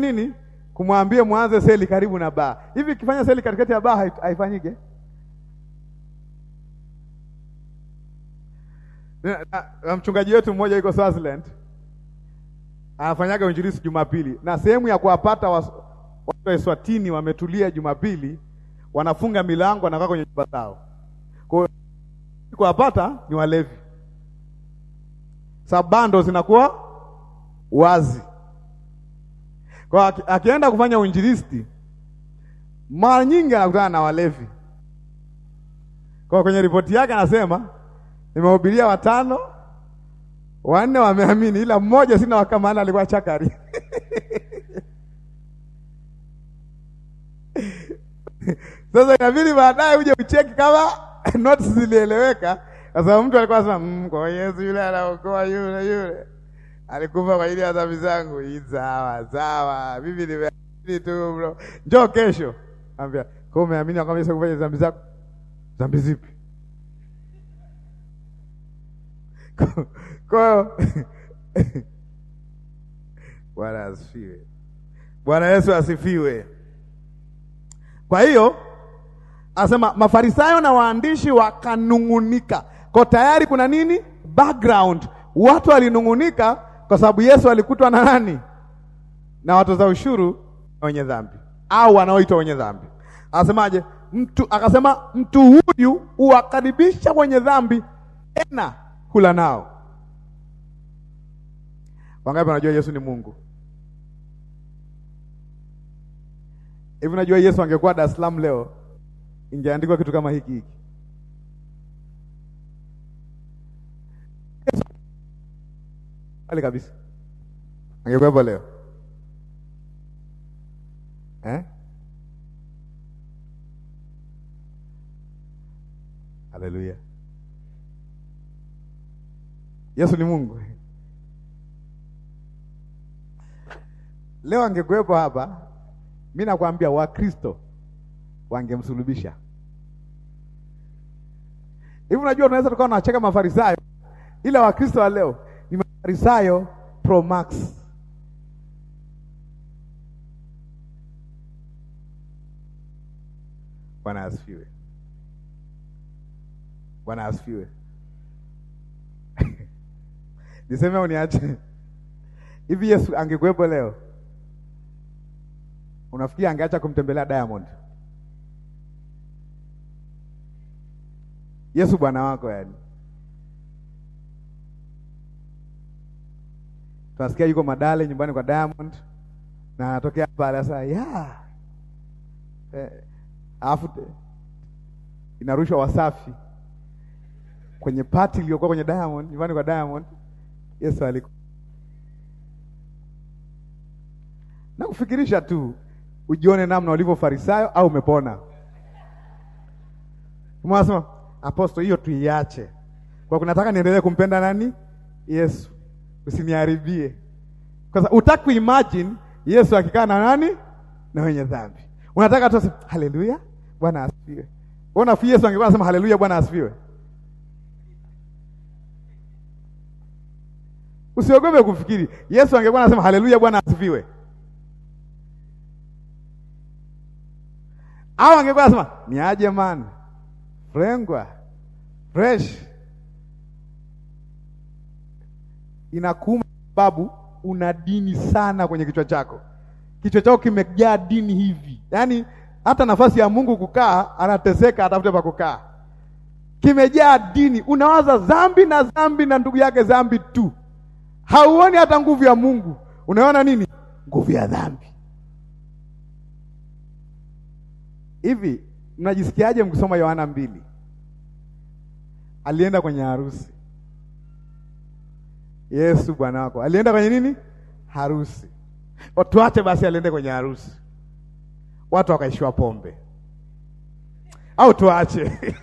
nini, kumwambie mwanze seli karibu na baa. Hivi ikifanya seli katikati ya baa haifanyike? Na mchungaji wetu mmoja yuko Swaziland anafanyaga injilisi Jumapili, na sehemu ya kuwapata watu wa Eswatini wametulia Jumapili, wanafunga milango, wanakaa kwenye nyumba zao kwa kuwapata ni walevi, sabando zinakuwa wazi kwa akienda kufanya uinjilisti, mara nyingi anakutana na walevi. Kwa kwenye ripoti yake anasema nimehubiria watano, wanne wameamini, ila mmoja sina wakamana, alikuwa chakari [LAUGHS] Sasa inabidi baadaye uje ucheki kama [LAUGHS] not zilieleweka kwa sababu mtu alikuwa anasema mmm, kwa Yesu yule anaokoa yule yule alikufa kwa ajili ya dhambi zangu. Sawa sawa, mimi nimeamini tu bro, njoo kesho. Anambia kwa umeamini kwamba Yesu kufanya dhambi zako? Dhambi zipi? Kwa hiyo [LAUGHS] Bwana asifiwe. Bwana Yesu asifiwe. Kwa hiyo Anasema Mafarisayo na waandishi wakanung'unika. Kwa tayari kuna nini? Background. Watu walinung'unika kwa sababu Yesu alikutwa na nani? Na watoza ushuru wenye dhambi au wanaoitwa wenye dhambi. Anasemaje? Mtu akasema mtu huyu uwakaribisha wenye dhambi tena kula nao. Wangapi wanajua Yesu ni Mungu? Hivi unajua Yesu angekuwa Dar es Salaam leo ingeandikwa kitu kama hiki hiki. Hali kabisa angekuwepo leo eh? Haleluya! Yesu ni Mungu. Leo angekuwepo hapa, mi nakwambia Wakristo wangemsulubisha. Hivi unajua, tunaweza tukawa nacheka Mafarisayo, ila Wakristo wa leo ni Mafarisayo pro max. Bwana asifiwe. Bwana asifiwe. [LAUGHS] Niseme au niache? Hivi Yesu angekuwepo leo, unafikiri angeacha kumtembelea Diamond? Yesu bwana wako yani. Tunasikia yuko Madale nyumbani kwa Diamond na anatokea pale sasa ya. Eh, afu inarushwa Wasafi kwenye pati iliyokuwa kwenye Diamond nyumbani kwa Diamond. Yesu alikuwa na kufikirisha tu ujione namna ulivyo Farisayo au umepona. Mwasema Aposto, hiyo tuiache, kwa kunataka niendelee kumpenda nani? Yesu, usiniharibie. Kwanza utaku imagine Yesu akikaa na nani na wenye dhambi. Unataka tu haleluya, Bwana asifiwe. Wewe fi Yesu angekuwa anasema haleluya, Bwana asifiwe? Usiogope kufikiri Yesu angekuwa anasema haleluya, Bwana asifiwe, au angekuwa anasema niaje man lengwa Fresh inakuuma sababu una dini sana kwenye kichwa chako. Kichwa chako kimejaa dini hivi, yaani hata nafasi ya Mungu kukaa anateseka, atafute pa kukaa, kimejaa dini. Unawaza dhambi na dhambi na ndugu yake dhambi tu, hauoni hata nguvu ya Mungu. Unaona nini? Nguvu ya dhambi. Hivi mnajisikiaje mkisoma Yohana mbili? alienda kwenye harusi. Yesu Bwana wako alienda kwenye nini? Harusi. Watu wache basi aliende kwenye harusi, watu wakaishiwa pombe, au tuache? [LAUGHS]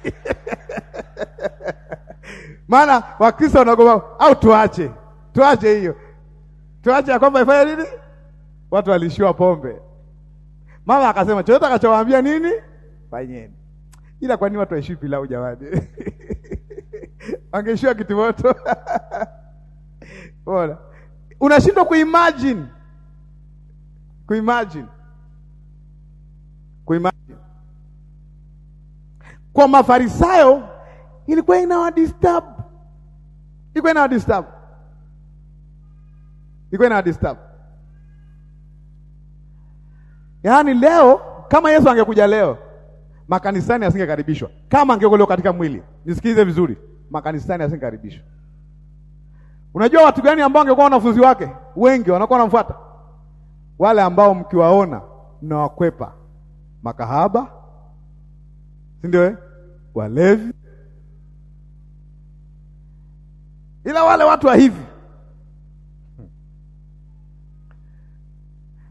maana Wakristo wanagoma, au tuache? Tuache hiyo, tuache ya kwamba ifanye nini? Watu waliishiwa pombe. Mama akasema chochote akachowaambia nini, fanyeni. Ila kwa nini watu waishii pilau jamani? [LAUGHS] wangeishiwa kitimoto. Bora [LAUGHS] unashindwa kuimagine kuimagine kuimagine. Kwa Mafarisayo ilikuwa disturb, ilikuwa disturb, ilikuwa disturb. Yaani leo kama Yesu angekuja leo makanisani asingekaribishwa, kama angekuwa leo katika mwili. Nisikilize vizuri makanisani asingekaribishwa. Unajua watu gani ambao wangekuwa wanafunzi wake wengi wanakuwa wanamfuata? Wale ambao mkiwaona mnawakwepa, makahaba, si ndio? Eh? Walevi. Ila wale watu wa hivi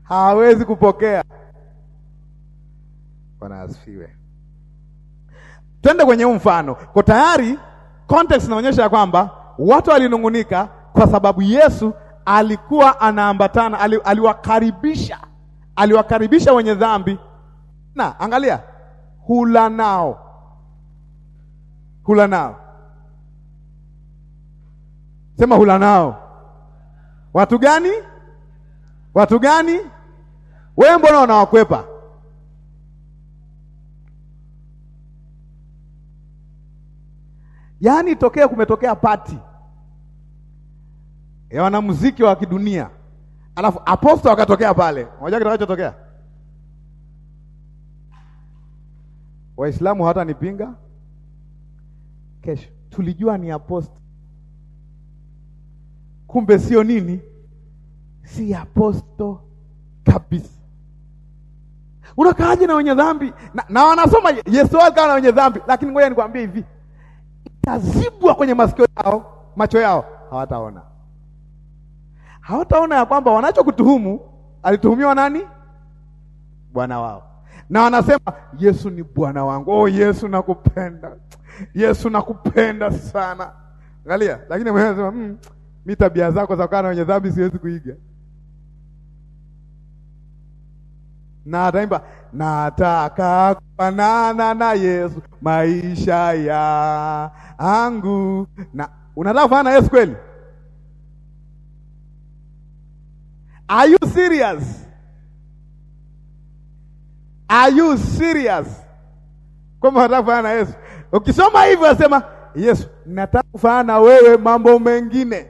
hawezi kupokea. Bwana asifiwe. Twende kwenye huu mfano, kwa tayari context inaonyesha ya kwamba watu walinungunika kwa sababu Yesu alikuwa anaambatana, aliwakaribisha, aliwakaribisha wenye dhambi, na angalia, hula nao, hula nao, sema hula nao. Watu gani? Watu gani? Wewe mbona unawakwepa? Yaani itokee kumetokea pati ya wanamuziki wa kidunia, alafu aposto wakatokea pale, unajua kitakachotokea? Waislamu hata nipinga kesho, tulijua ni aposto, kumbe sio nini, si aposto kabisa. Unakaaje na wenye dhambi na, na wanasoma Yesu alikuwa na wenye dhambi, lakini ngoja nikwambie hivi itazibwa kwenye masikio yao, macho yao hawataona. Hawataona ya kwamba wanachokutuhumu alituhumiwa nani? Bwana wao. Na wanasema Yesu ni bwana wangu. Oh, Yesu nakupenda, Yesu nakupenda sana. Angalia, lakini mwenyewe anasema mm, mi tabia zako za kukaa na wenye dhambi siwezi kuiga. na ataimba nataka kufanana na Yesu maisha ya angu. Na unataka kufanana na Yesu kweli? Are you serious? Are you serious? Kama unataka kufanana na Yesu, ukisoma hivyo unasema Yesu, nataka kufanana na wewe mambo mengine,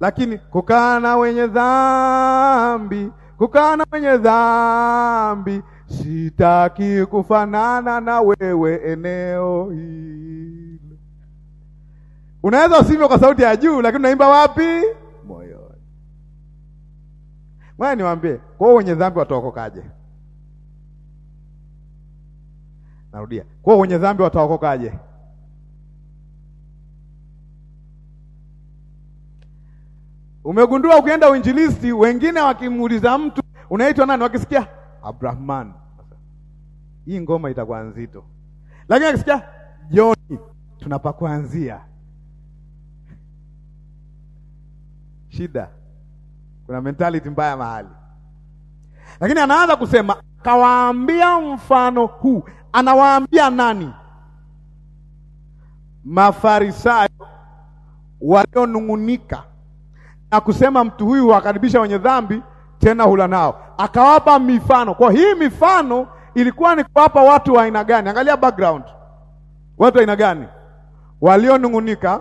lakini kukaa na wenye dhambi, kukaa na wenye dhambi, sitaki kufanana na wewe eneo hii. Unaweza usiimbe kwa sauti ya juu, lakini unaimba wapi? Moyoni. Mwana niwaambie, kwa wenye dhambi wataokokaje? Narudia, kwa wenye dhambi wataokokaje? Umegundua ukienda uinjilisti, wengine wakimuuliza mtu unaitwa nani, wakisikia Abrahman, hii ngoma itakuwa nzito, lakini akisikia Joni, tunapakuanzia shida, kuna mentality mbaya mahali. Lakini anaanza kusema kawaambia mfano huu. Anawaambia nani? Mafarisayo walionung'unika na kusema mtu huyu wakaribisha wenye dhambi, tena hula nao. Akawapa mifano. Kwa hii mifano ilikuwa ni kuwapa watu wa aina gani? Angalia background, watu wa aina gani walionung'unika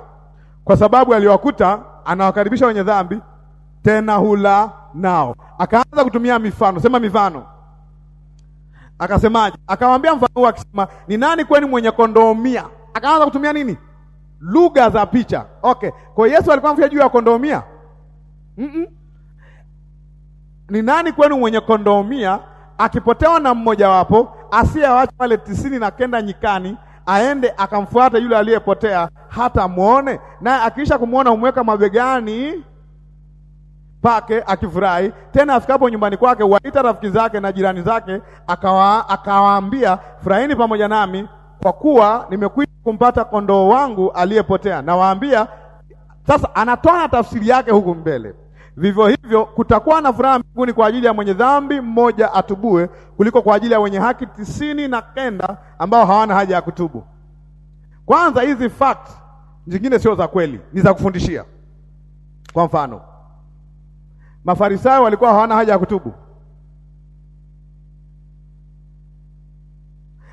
kwa sababu aliwakuta anawakaribisha wenye dhambi, tena hula nao. Akaanza kutumia mifano, sema mifano. Akasemaje? Akamwambia mfano huu akisema, ni nani kwenu mwenye kondoo mia? Akaanza kutumia nini? Lugha za picha. Okay, kwa Yesu alikuwa mfia juu ya kondoo mia? mm -mm. Ni nani kwenu mwenye kondoo mia akipotewa na mmojawapo asiyeawacha wale tisini na kenda nyikani aende akamfuata yule aliyepotea hata muone, naye akiisha kumwona umweka mabegani pake akifurahi. Tena afikapo nyumbani kwake, waita rafiki zake na jirani zake, akawa akawaambia, furahini pamoja nami, kwa kuwa nimekwisha kumpata kondoo wangu aliyepotea. Nawaambia sasa, anatoa tafsiri yake huku mbele Vivyo hivyo kutakuwa na furaha mbinguni kwa ajili ya mwenye dhambi mmoja atubue kuliko kwa ajili ya wenye haki tisini na kenda ambao hawana haja ya kutubu. Kwanza hizi fact zingine sio za kweli, ni za kufundishia. Kwa mfano, Mafarisayo walikuwa hawana haja ya kutubu.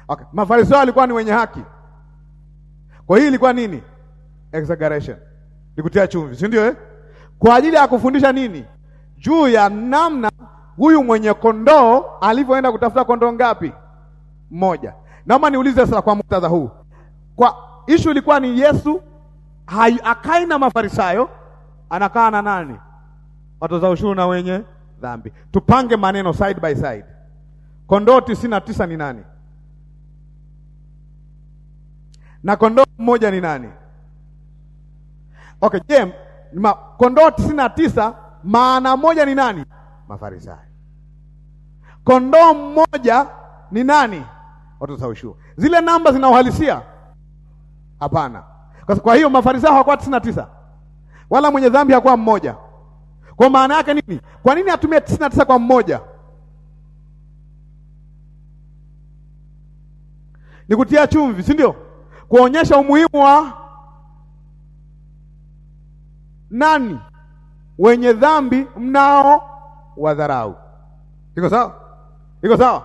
Okay. Mafarisayo walikuwa ni wenye haki. Kwa hiyo ilikuwa nini? Exaggeration. Nikutia chumvi, si ndio eh? kwa ajili ya kufundisha nini? Juu ya namna huyu mwenye kondoo alivyoenda kutafuta kondoo ngapi? Mmoja. Naomba niulize sasa kwa muktadha huu, kwa ishu ilikuwa ni Yesu akai na Mafarisayo, anakaa na nani? Watoza ushuru na wenye dhambi. Tupange maneno side by side. Kondoo tisini na tisa ni nani? Na kondoo mmoja ni nani? Okay, je, kondoo tisini na tisa maana moja ni nani? Mafarisayo. Kondoo mmoja ni nani? Watu ushuru. Zile namba zina uhalisia? Hapana. Kwa hiyo mafarisayo hawakuwa tisini na tisa wala mwenye dhambi hakuwa mmoja. Kwa maana yake nini? Kwa nini atumie tisini na tisa kwa mmoja? Nikutia chumvi, si ndio? Kuonyesha umuhimu wa nani? Wenye dhambi mnao wadharau. Iko sawa? Iko sawa?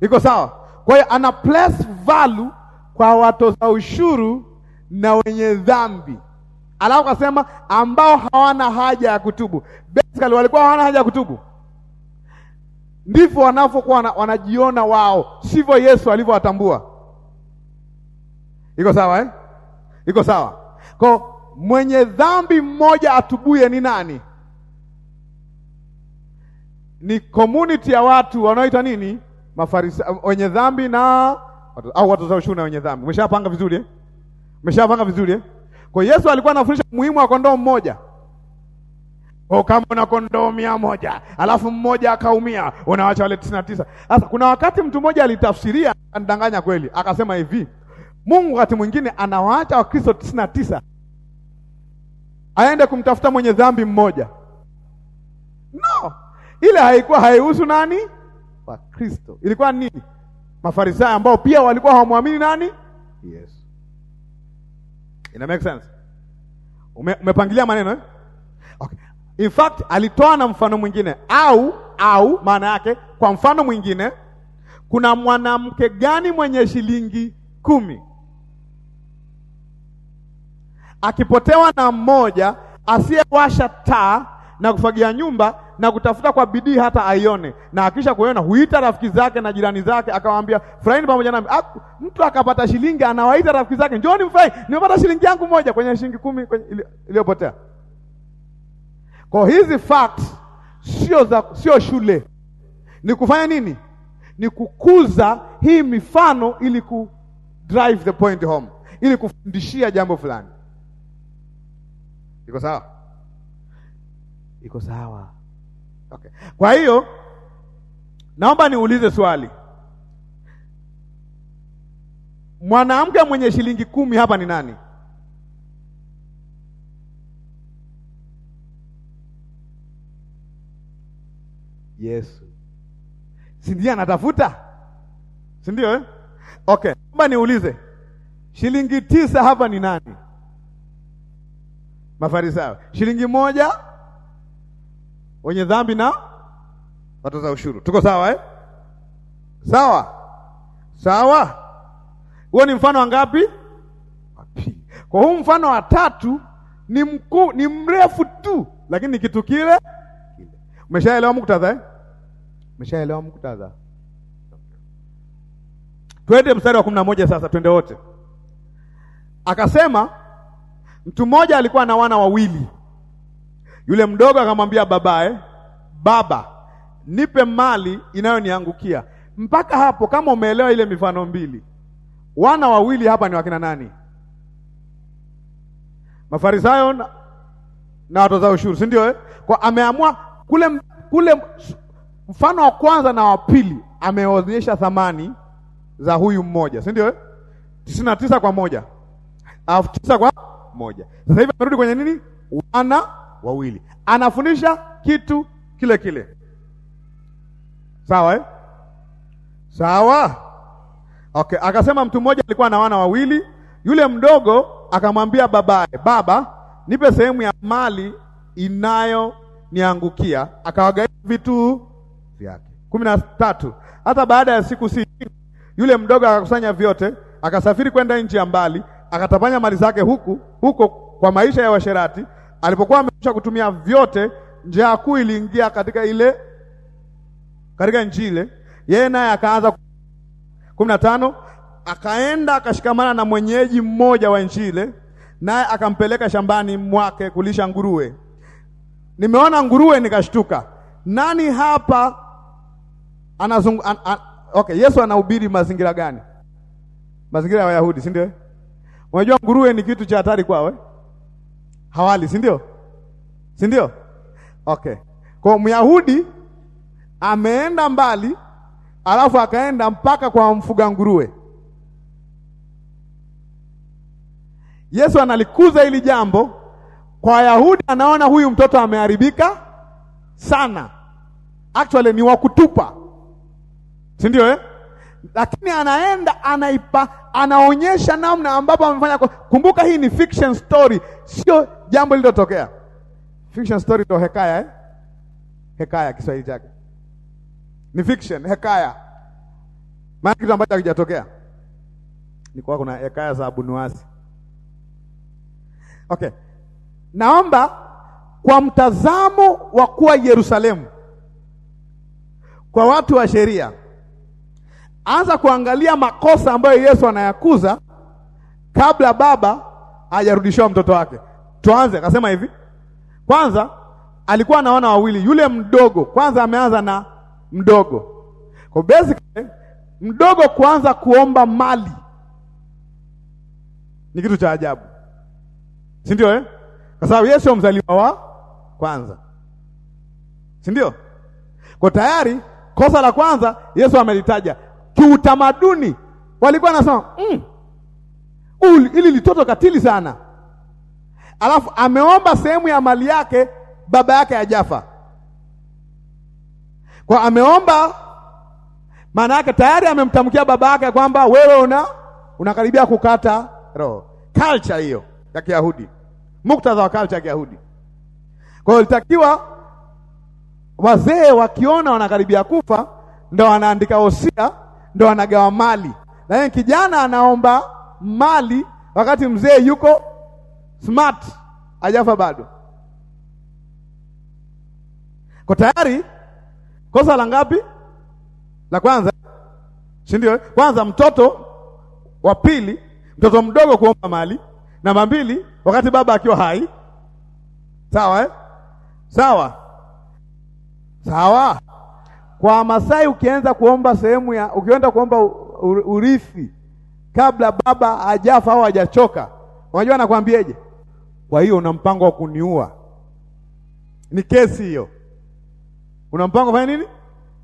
Iko sawa? Kwa hiyo ana place value kwa watoza ushuru na wenye dhambi, alafu kasema ambao hawana haja ya kutubu. Basically walikuwa hawana haja ya kutubu, ndivyo wanavyokuwa wanajiona wao, sivyo Yesu alivyowatambua. Iko sawa eh? Iko sawa kwa mwenye dhambi mmoja atubuye ni nani? Ni community ya watu wanaoita nini? Mafarisa, wenye dhambi na au watoza ushuru na wenye dhambi. Umeshapanga vizuri eh? Umeshapanga vizuri eh? Kwa Yesu alikuwa anafundisha muhimu wa kondoo mmoja. O, oh, kama una kondoo mia moja alafu mmoja akaumia, unawacha wale tisini na tisa. Sasa kuna wakati mtu mmoja alitafsiria, anidanganya kweli, akasema hivi, Mungu wakati mwingine anawaacha Wakristo tisini na tisa aende kumtafuta mwenye dhambi mmoja. No, ile haikuwa haihusu nani? Wakristo. Ilikuwa nini? Mafarisayo ambao pia walikuwa hawamwamini nani? Yesu. Ina make sense? Ume, umepangilia maneno eh? Okay. In fact, alitoa na mfano mwingine au au maana yake kwa mfano mwingine kuna mwanamke gani mwenye shilingi kumi akipotewa na mmoja asiyewasha taa na kufagia nyumba na kutafuta kwa bidii hata aione, na akisha kuona huita rafiki zake na jirani zake, akawaambia furahini pamoja nami. Mtu akapata shilingi, anawaita rafiki zake, njooni mfurahi, nimepata shilingi yangu moja kwenye shilingi kumi iliyopotea. Kwa hizi fact sio za sio shule, ni kufanya nini? Ni kukuza hii mifano ili ku drive the point home, ili kufundishia jambo fulani iko sawa? Iko sawa. Okay. Kwa hiyo naomba niulize swali, mwanamke mwenye shilingi kumi hapa ni nani? Yesu, si ndiye anatafuta, si ndio eh? Okay, naomba niulize, shilingi tisa hapa ni nani? Mafarisayo shilingi moja, wenye dhambi na watoza ushuru. Tuko sawa eh? Sawa sawa. Huo ni mfano wangapi? Kwa huu mfano wa tatu ni mkuu, ni mrefu tu, lakini ni kitu kile kile. Umeshaelewa muktadha eh? Umeshaelewa muktadha. Twende mstari wa kumi na moja sasa, twende wote. Akasema Mtu mmoja alikuwa na wana wawili. Yule mdogo akamwambia babae baba, nipe mali inayoniangukia. Mpaka hapo kama umeelewa ile mifano mbili, wana wawili hapa ni wakina nani? Mafarisayo na, na watoza ushuru, si ndio eh? Kwa ameamua kule kule mfano wa kwanza na wa pili ameonyesha thamani za huyu mmoja, si ndio eh? tisini na tisa kwa moja, alafu tisa kwa moja. Sasa hivi amerudi kwenye nini? Wana wawili, anafundisha kitu kile kile. Sawa eh? Sawa, okay. Akasema mtu mmoja alikuwa na wana wawili, yule mdogo akamwambia babaye, baba, nipe sehemu ya mali inayoniangukia. Akawagaia vitu vyake. kumi na tatu. Hata baada ya siku si yule mdogo akakusanya vyote, akasafiri kwenda nchi ya mbali akatapanya mali zake huku huko kwa maisha ya washerati. Alipokuwa amesha kutumia vyote, njaa kuu iliingia katika ile katika nchi ile, yeye naye akaanza. kumi na tano akaenda akashikamana na mwenyeji mmoja wa nchi ile, naye akampeleka shambani mwake kulisha nguruwe. Nimeona nguruwe nikashtuka. Nani hapa anazungu an, an, okay, Yesu anahubiri mazingira gani? Mazingira ya Wayahudi, si ndio? Unajua nguruwe ni kitu cha hatari kwao eh? Hawali, si ndio? Si ndio? Okay. Kwa Myahudi ameenda mbali alafu akaenda mpaka kwa mfuga nguruwe. Yesu analikuza hili jambo kwa Wayahudi, anaona huyu mtoto ameharibika sana, actually ni wakutupa, si ndio eh? lakini anaenda anaipa, anaonyesha namna ambapo amefanya. Kumbuka hii ni fiction story, sio jambo lililotokea. Fiction story ndio hekaya eh? Hekaya Kiswahili chake ni fiction, hekaya maana kitu ambacho hakijatokea. kwa kuna hekaya za Abunuasi. Okay, naomba kwa mtazamo wa kuwa Yerusalemu kwa watu wa sheria anza kuangalia makosa ambayo Yesu anayakuza kabla baba hajarudishiwa mtoto wake. Tuanze, akasema hivi kwanza, alikuwa na wana wawili, yule mdogo kwanza, ameanza na mdogo. Kwa basically mdogo kuanza kuomba mali ni kitu cha ajabu, si ndio eh? Kwa sababu Yesu mzaliwa wa kwanza, si ndio? Kwa tayari kosa la kwanza Yesu amelitaja kiutamaduni walikuwa nasema mm, ili litoto katili sana, alafu ameomba sehemu ya mali yake baba yake jafa kwa ameomba, maana yake tayari amemtamkia baba yake kwamba wewe una unakaribia kukata roho. Culture hiyo ya Kiyahudi, muktadha wa culture ya Kiyahudi. Kwa hiyo ilitakiwa wazee wakiona wanakaribia kufa, ndo wanaandika hosia ndo anagawa mali, lakini kijana anaomba mali wakati mzee yuko smart, hajafa bado. Kwa tayari kosa la ngapi? La kwanza, si ndio? Kwanza mtoto wa pili, mtoto mdogo kuomba mali. Namba mbili, wakati baba akiwa hai. Sawa eh? Sawa sawa. Kwa Wamasai ukianza kuomba sehemu ya ukienda kuomba urithi kabla baba hajafa au hajachoka, unajua anakuambiaje? Kwa hiyo una mpango wa kuniua? Ni kesi hiyo, una mpango fanya nini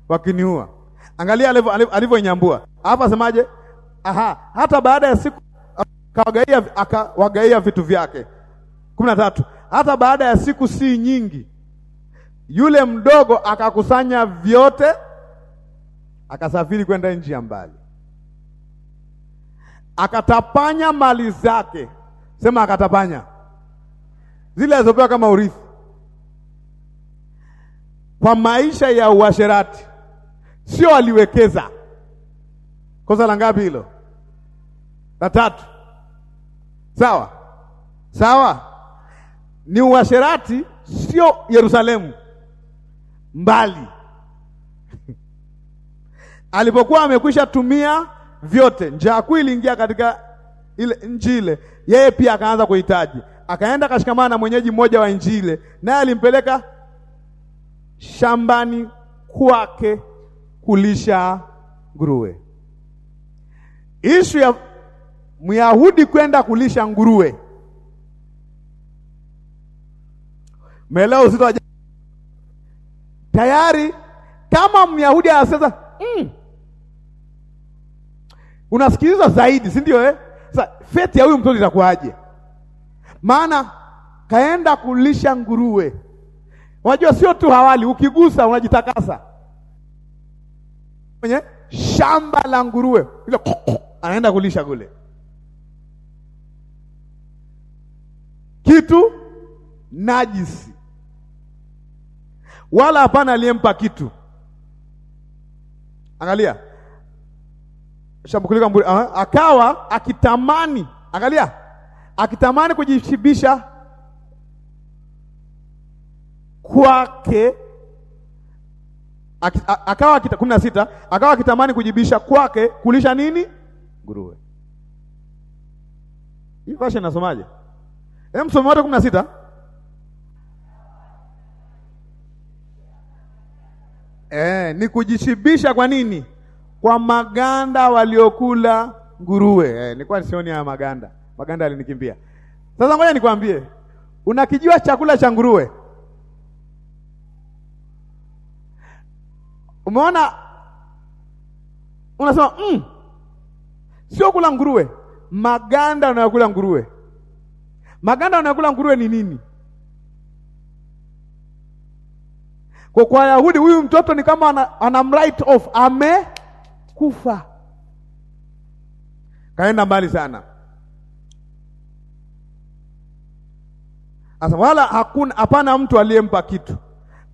wakiniua? Angalia alivyonyambua hapa, semaje? Aha, hata baada ya siku akawagaia, akawagaia vitu vyake. kumi na tatu, hata baada ya siku si nyingi yule mdogo akakusanya vyote, akasafiri kwenda nchi ya mbali, akatapanya mali zake. Sema akatapanya zile alizopewa kama urithi kwa maisha ya uasherati, sio aliwekeza. Kosa la ngapi hilo? La tatu. Sawa sawa, ni uasherati, sio Yerusalemu mbali [LAUGHS] alipokuwa amekwisha tumia vyote, njaa kuu iliingia katika ile nchi ile, yeye pia akaanza kuhitaji. Akaenda akashikamana na mwenyeji mmoja wa nchi ile, naye alimpeleka shambani kwake kulisha nguruwe. Ishu ya Myahudi kwenda kulisha nguruwe, umeelewa uzito wa tayari. Kama Myahudi anasema mm, unasikiliza zaidi, si ndio eh? Sasa feti ya huyu mtoto itakuwaje? Maana kaenda kulisha nguruwe. Unajua sio tu hawali, ukigusa unajitakasa kwenye shamba la nguruwe, anaenda kulisha kule kitu najisi wala hapana aliyempa kitu. Angalia shambukulika mburi, akawa akitamani, angalia, akitamani kujishibisha kwake akawa kumi na sita akawa akitamani kujibisha kwake kulisha nini nguruwe. Hii version inasomaje? Hem, msome wote kumi na sita eh, ni kujishibisha kwa nini? Kwa maganda waliokula nguruwe. Eh, nilikuwa sioni haya maganda, maganda alinikimbia. Sasa ngoja nikwambie, unakijua chakula cha nguruwe? Umeona, unasema mm, sio kula nguruwe, maganda unayokula nguruwe. Maganda unayokula nguruwe ni nini? Kwa kwa Wayahudi huyu mtoto ni kama ana, ana write off, amekufa. Kaenda mbali sana asa, wala hakuna hapana mtu aliyempa kitu.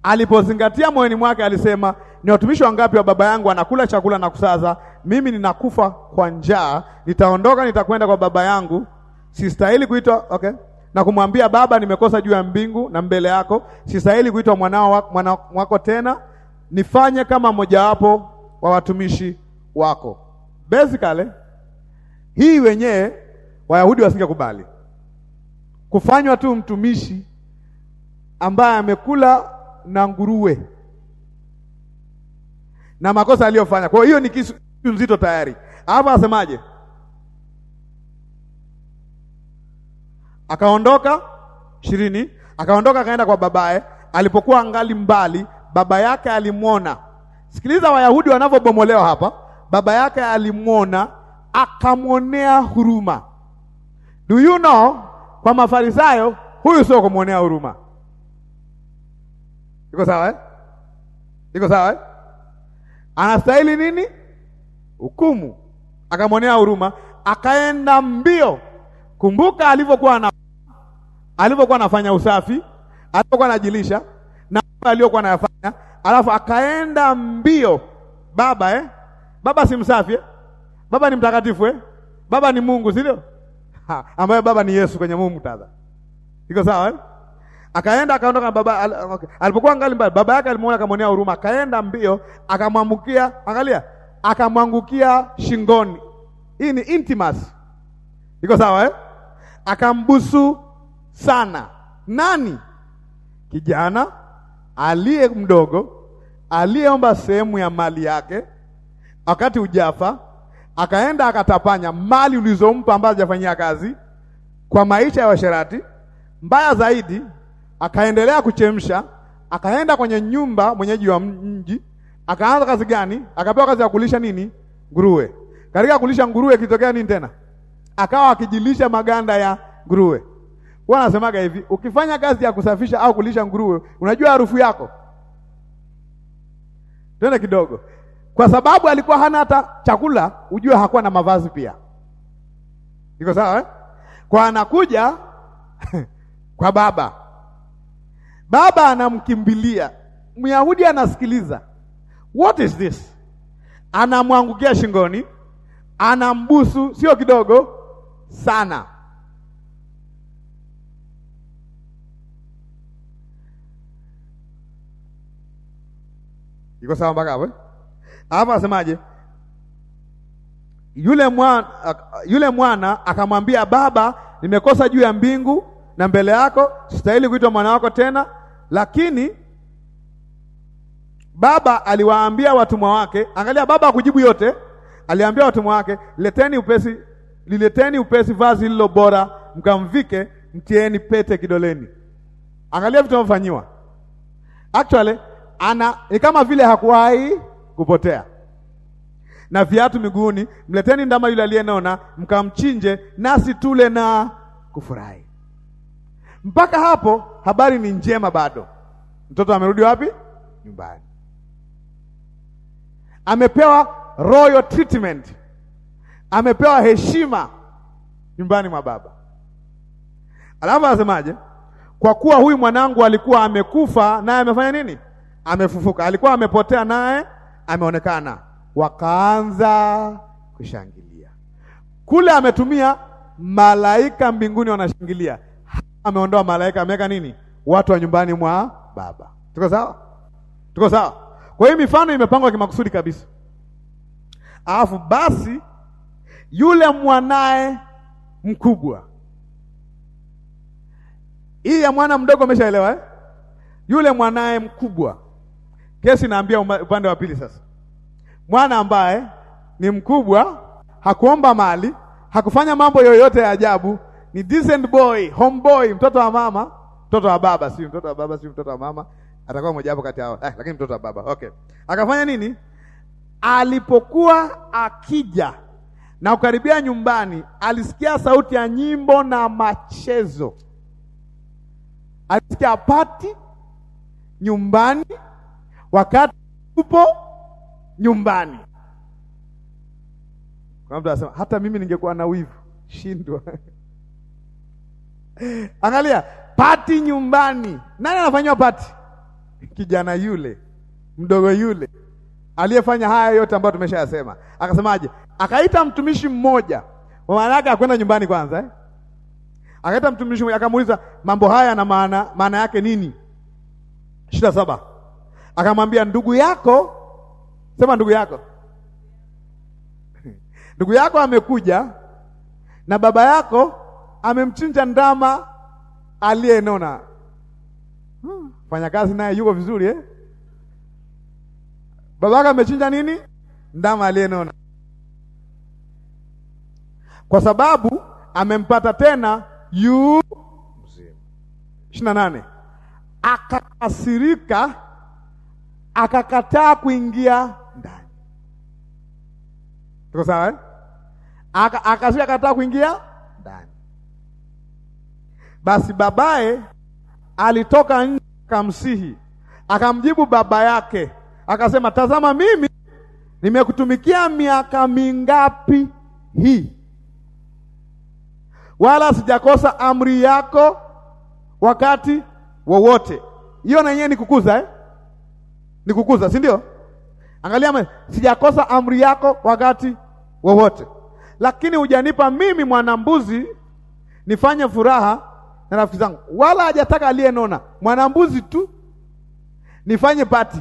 Alipozingatia moyoni mwake alisema, ni watumishi wangapi wa baba yangu anakula chakula na kusaza, mimi ninakufa kwa njaa. Nitaondoka nitakwenda kwa baba yangu, sistahili kuitwa okay na kumwambia Baba, nimekosa juu ya mbingu na mbele yako, sistahili kuitwa mwanao mwana wako tena, nifanye kama mojawapo wa watumishi wako. Basically hii wenyewe Wayahudi wasingekubali kufanywa tu mtumishi ambaye amekula na nguruwe na makosa aliyofanya. Kwa hiyo ni kisu nzito tayari hapa, asemaje? Akaondoka ishirini, akaondoka akaenda kwa babaye. Alipokuwa angali mbali, baba yake alimwona. Sikiliza Wayahudi wanavyobomolewa hapa. Baba yake alimwona, akamwonea huruma. Do you know, kwa Mafarisayo huyu sio kumwonea huruma. Iko sawa eh? Iko sawa eh? Anastahili nini? Hukumu. Akamwonea huruma, akaenda mbio. Kumbuka alivyokuwa na alipokuwa anafanya usafi, alipokuwa anajilisha na aliyokuwa anayafanya, alafu akaenda mbio baba eh? Baba si msafi eh? Baba ni mtakatifu eh? Baba ni Mungu si ndio? Ambaye baba ni Yesu kwenye Mungu muktadha. Iko sawa eh? Akaenda akaondoka baba al, okay. Alipokuwa angali mbali baba yake alimuona akamwonea huruma, akaenda mbio akamwambukia, angalia, akamwangukia shingoni. Hii ni intimacy. Iko sawa eh? Akambusu sana. Nani? Kijana aliye mdogo aliyeomba sehemu ya mali yake wakati ujafa, akaenda akatapanya mali ulizompa ambazo hajafanyia kazi kwa maisha ya washerati. Mbaya zaidi, akaendelea kuchemsha, akaenda kwenye nyumba mwenyeji wa mji, akaanza kazi gani? Akapewa kazi ya kulisha nini? Nguruwe. Katika kulisha nguruwe, kitokea nini tena? Akawa akijilisha maganda ya nguruwe huwa anasemaga hivi, ukifanya kazi ya kusafisha au kulisha nguruwe, unajua harufu yako. Twende kidogo. Kwa sababu alikuwa hana hata chakula, ujue hakuwa na mavazi pia. Iko sawa eh? Kwa anakuja [LAUGHS] kwa baba, baba anamkimbilia. Myahudi anasikiliza, what is this? Anamwangukia shingoni, anambusu, sio kidogo sana Iko sawa mpaka hapo? Hapa eh? asemaje? Yule mwana, yule mwana akamwambia, baba, nimekosa juu ya mbingu na mbele yako, sistahili kuitwa mwana wako tena. Lakini baba aliwaambia watumwa wake, angalia, baba akujibu yote, aliambia watumwa wake, leteni upesi, lileteni upesi vazi lilo bora, mkamvike, mtieni pete kidoleni. Angalia vitu vinavyofanywa actually ana ni kama vile hakuwahi kupotea na viatu miguuni. Mleteni ndama yule aliyenona, mkamchinje, nasi tule na kufurahi. Mpaka hapo habari ni njema bado. Mtoto amerudi wapi? Nyumbani, amepewa royal treatment, amepewa heshima nyumbani mwa baba. Alafu anasemaje? Kwa kuwa huyu mwanangu alikuwa amekufa naye amefanya nini? amefufuka, alikuwa amepotea naye ameonekana, wakaanza kushangilia. Kule ametumia malaika mbinguni wanashangilia, ameondoa malaika, ameweka nini? Watu wa nyumbani mwa Baba. Tuko sawa? Tuko sawa? Kwa hiyo mifano imepangwa kimakusudi kabisa. Alafu basi yule mwanae mkubwa, hii ya mwana mdogo ameshaelewa eh? Yule mwanae mkubwa Kesi naambia upande wa pili sasa. Mwana ambaye ni mkubwa, hakuomba mali, hakufanya mambo yoyote ya ajabu, ni decent boy, homeboy, mtoto wa mama, mtoto wa baba, si mtoto wa baba, si mtoto wa mama, atakuwa mmoja wapo kati yao. Eh, ah, lakini mtoto wa baba. Okay. Akafanya nini? Alipokuwa akija na kukaribia nyumbani, alisikia sauti ya nyimbo na machezo. Alisikia pati nyumbani wakati upo nyumbani. Kuna mtu anasema hata mimi ningekuwa na wivu shindwa. [LAUGHS] Angalia pati nyumbani, nani anafanywa pati? Kijana yule mdogo yule aliyefanya haya yote ambayo tumeshayasema. Akasemaje? Akaita mtumishi mmoja, maana yake akwenda nyumbani kwanza eh? Akaita mtumishi mmoja akamuuliza, mambo haya na maana maana yake nini? shida saba akamwambia ndugu yako, sema ndugu yako, [LAUGHS] ndugu yako amekuja na baba yako amemchinja ndama aliyenona. Hmm, fanya kazi naye yuko vizuri eh? Baba yako amechinja nini? Ndama aliyenona, kwa sababu amempata tena yu mzima. ishirini na nane akakasirika akakataa kuingia ndani. Tuko sawa eh? Aka, akasema akakataa kuingia ndani, basi babaye alitoka nje akamsihi, akamjibu baba yake akasema, tazama mimi nimekutumikia miaka mingapi hii, wala sijakosa amri yako wakati wowote. Hiyo na yenyewe ni kukuza eh? ni kukuza, si ndio? Angalia, sijakosa amri yako wakati wowote, lakini hujanipa mimi mwanambuzi nifanye furaha na rafiki zangu, wala hajataka aliyenona, mwanambuzi tu nifanye pati.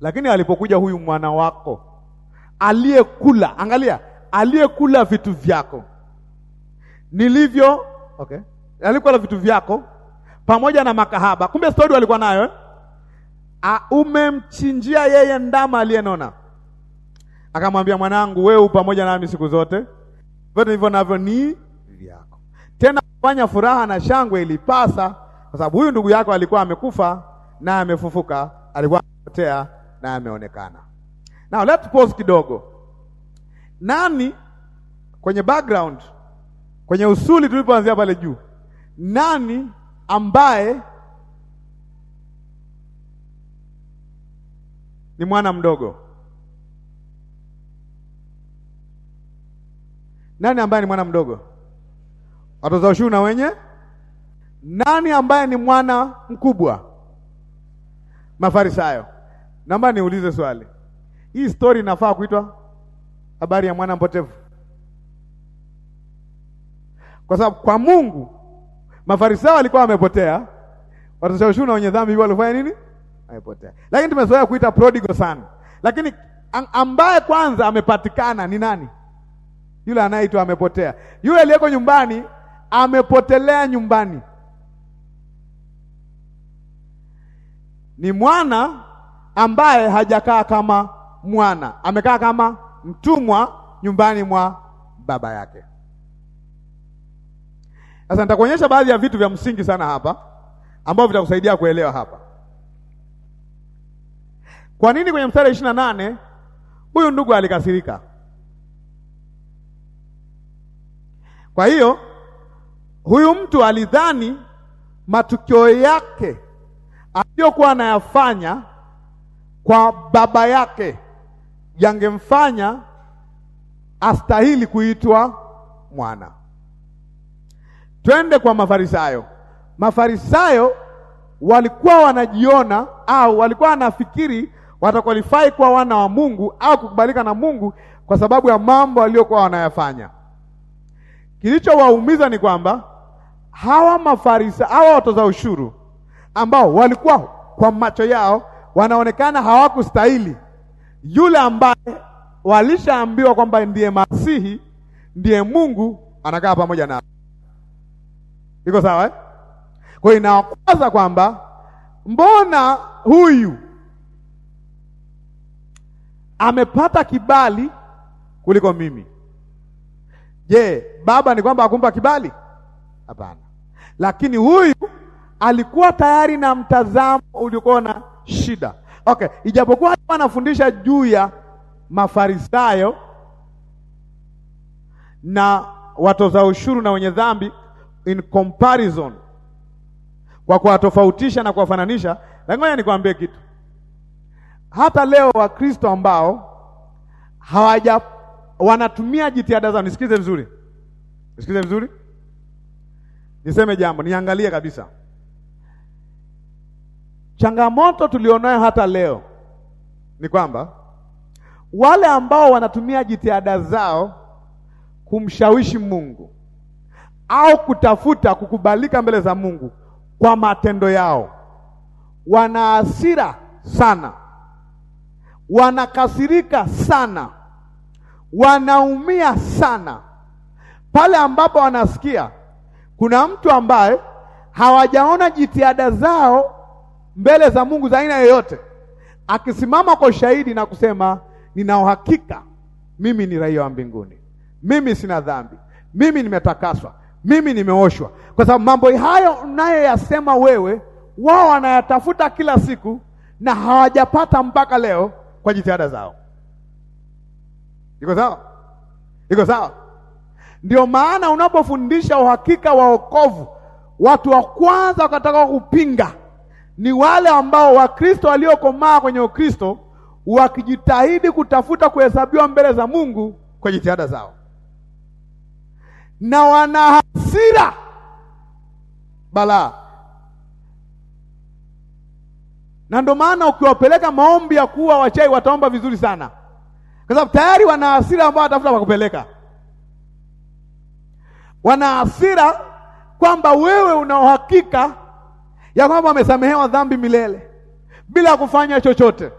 Lakini alipokuja huyu mwana wako aliyekula, angalia, aliyekula vitu vyako nilivyo, okay, alikula vitu vyako pamoja na makahaba. Kumbe stori walikuwa nayo eh? umemchinjia yeye ndama aliyenona. Akamwambia, mwanangu, wewe pamoja nami siku zote, vyote hivyo navyo ni vyako. Tena fanya furaha na shangwe ilipasa, kwa sababu huyu ndugu yako alikuwa amekufa na amefufuka, alikuwa amepotea na ameonekana. Now let's pause kidogo. Nani kwenye background, kwenye usuli tulipoanzia pale juu, nani ambaye ni mwana mdogo. Nani ambaye ni mwana mdogo? Watoza ushuru na wenye. Nani ambaye ni mwana mkubwa? Mafarisayo. Naomba niulize swali, hii story inafaa kuitwa habari ya mwana mpotevu? Kwa sababu kwa Mungu Mafarisayo walikuwa wamepotea, watoza ushuru na wenye dhambi walifanya nini? amepotea. Lakini tumezoea kuita prodigal son. Lakini ambaye kwanza amepatikana ni nani? Yule anayeitwa amepotea. Yule aliyeko nyumbani amepotelea nyumbani. Ni mwana ambaye hajakaa kama mwana, amekaa kama mtumwa nyumbani mwa baba yake. Sasa nitakuonyesha baadhi ya vitu vya msingi sana hapa ambavyo vitakusaidia kuelewa hapa. Kwa nini kwenye mstari ishirini na nane huyu ndugu alikasirika? Kwa hiyo huyu mtu alidhani matukio yake aliyokuwa anayafanya kwa baba yake yangemfanya astahili kuitwa mwana. Twende kwa Mafarisayo. Mafarisayo walikuwa wanajiona au walikuwa wanafikiri watakwalifai kuwa wana wa Mungu au kukubalika na Mungu kwa sababu ya mambo aliyokuwa wanayafanya. Kilichowaumiza ni kwamba hawa mafarisa, hawa watoza ushuru ambao walikuwa kwa macho yao wanaonekana hawakustahili, yule ambaye walishaambiwa kwamba ndiye Masihi, ndiye Mungu, anakaa pamoja nao. Iko sawa eh? Kwa hiyo inawakwaza kwamba mbona huyu amepata kibali kuliko mimi. Je, baba ni kwamba akumpa kibali? Hapana, lakini huyu alikuwa tayari na mtazamo uliokuwa na shida. Okay, ijapokuwa alikuwa anafundisha juu ya Mafarisayo na watoza ushuru na wenye dhambi in comparison, kwa kuwatofautisha na kuwafananisha. lakini Ngoja nikwambie kitu hata leo Wakristo ambao hawaja wanatumia jitihada zao, nisikize vizuri, nisikize vizuri, niseme jambo, niangalie kabisa. Changamoto tulionayo hata leo ni kwamba wale ambao wanatumia jitihada zao kumshawishi Mungu au kutafuta kukubalika mbele za Mungu kwa matendo yao, wana hasira sana wanakasirika sana, wanaumia sana pale ambapo wanasikia kuna mtu ambaye hawajaona jitihada zao mbele za Mungu za aina yoyote, akisimama kwa ushahidi na kusema nina uhakika mimi ni raia wa mbinguni, mimi sina dhambi, mimi nimetakaswa, mimi nimeoshwa. Kwa sababu mambo hayo unayoyasema wewe, wao wanayatafuta kila siku na hawajapata mpaka leo kwa jitihada zao. Iko sawa? Iko sawa? Ndio maana unapofundisha uhakika wa wokovu, watu wa kwanza wakataka kupinga ni wale ambao Wakristo waliokomaa kwenye Ukristo wakijitahidi kutafuta kuhesabiwa mbele za Mungu kwa jitihada zao, na wana hasira balaa na ndio maana ukiwapeleka maombi ya kuwa wachai wataomba vizuri sana, kwa sababu tayari wana hasira ambao watafuta pakupeleka. Wana hasira kwamba wewe una uhakika ya kwamba wamesamehewa dhambi milele bila kufanya chochote,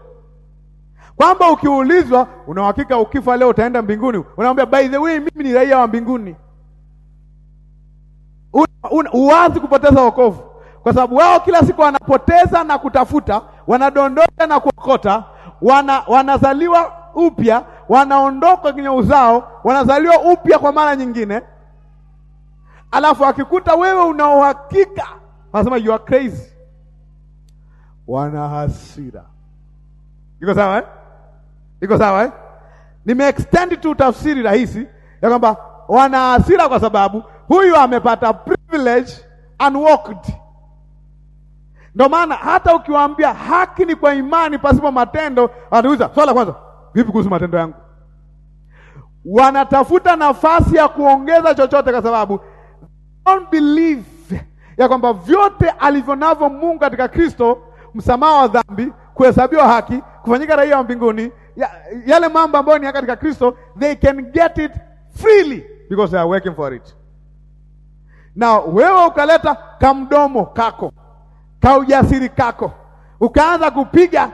kwamba ukiulizwa una uhakika ukifa leo utaenda mbinguni, unamwambia by the way, mimi ni raia wa mbinguni. Huwazi kupoteza wokovu kwa sababu wao kila siku wanapoteza na kutafuta, wanadondosha na kuokota, wana, wanazaliwa upya, wanaondoka kwenye uzao, wanazaliwa upya kwa mara nyingine, alafu akikuta wewe una uhakika, wanasema you are crazy. Wana hasira. Iko sawa eh? Iko sawa eh? Nimeextend tu tafsiri rahisi ya kwamba wana hasira kwa sababu huyu amepata privilege unwalked. Ndio maana hata ukiwaambia haki ni kwa imani pasipo matendo, wanauliza swala kwanza, vipi kuhusu matendo yangu? Wanatafuta nafasi ya kuongeza chochote, kwa sababu don't believe ya kwamba vyote alivyo navyo Mungu katika Kristo, msamaha wa dhambi, kuhesabiwa haki, kufanyika raia wa mbinguni, yale mambo ambayo ni katika Kristo, they can get it freely because they are working for it. Na wewe ukaleta kamdomo kako kaujasiri kako, ukaanza kupiga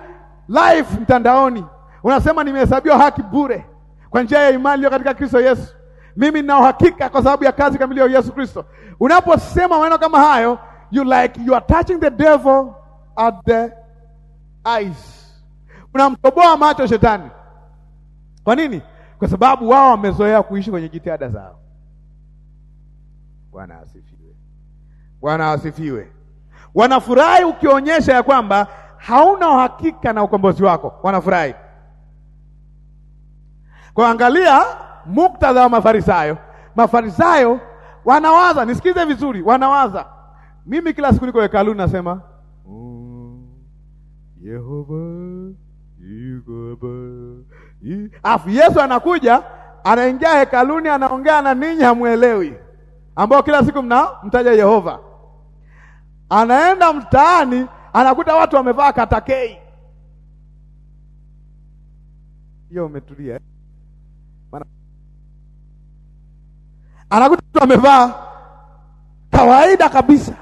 live mtandaoni, unasema nimehesabiwa haki bure kwa njia ya imani iliyo katika Kristo Yesu. Mimi nina uhakika kwa sababu ya kazi kamili ya Yesu Kristo. Unaposema maneno kama hayo, you like you are touching the devil at the eyes, unamtoboa macho shetani. Kwa nini? Kwa sababu wao wamezoea kuishi kwenye jitihada zao. Bwana asifiwe! Bwana asifiwe! Wanafurahi ukionyesha ya kwamba hauna uhakika na ukombozi wako, wanafurahi kwa. Angalia muktadha wa Mafarisayo. Mafarisayo wanawaza, nisikize vizuri, wanawaza mimi kila siku niko hekaluni nasema mm, Yehova Alafu Yesu anakuja anaingia hekaluni anaongea na ninyi, hamwelewi, ambao kila siku mna mtaja Yehova. Anaenda mtaani anakuta watu wamevaa katakei. Hiyo umetulia eh? anakuta watu wamevaa kawaida kabisa,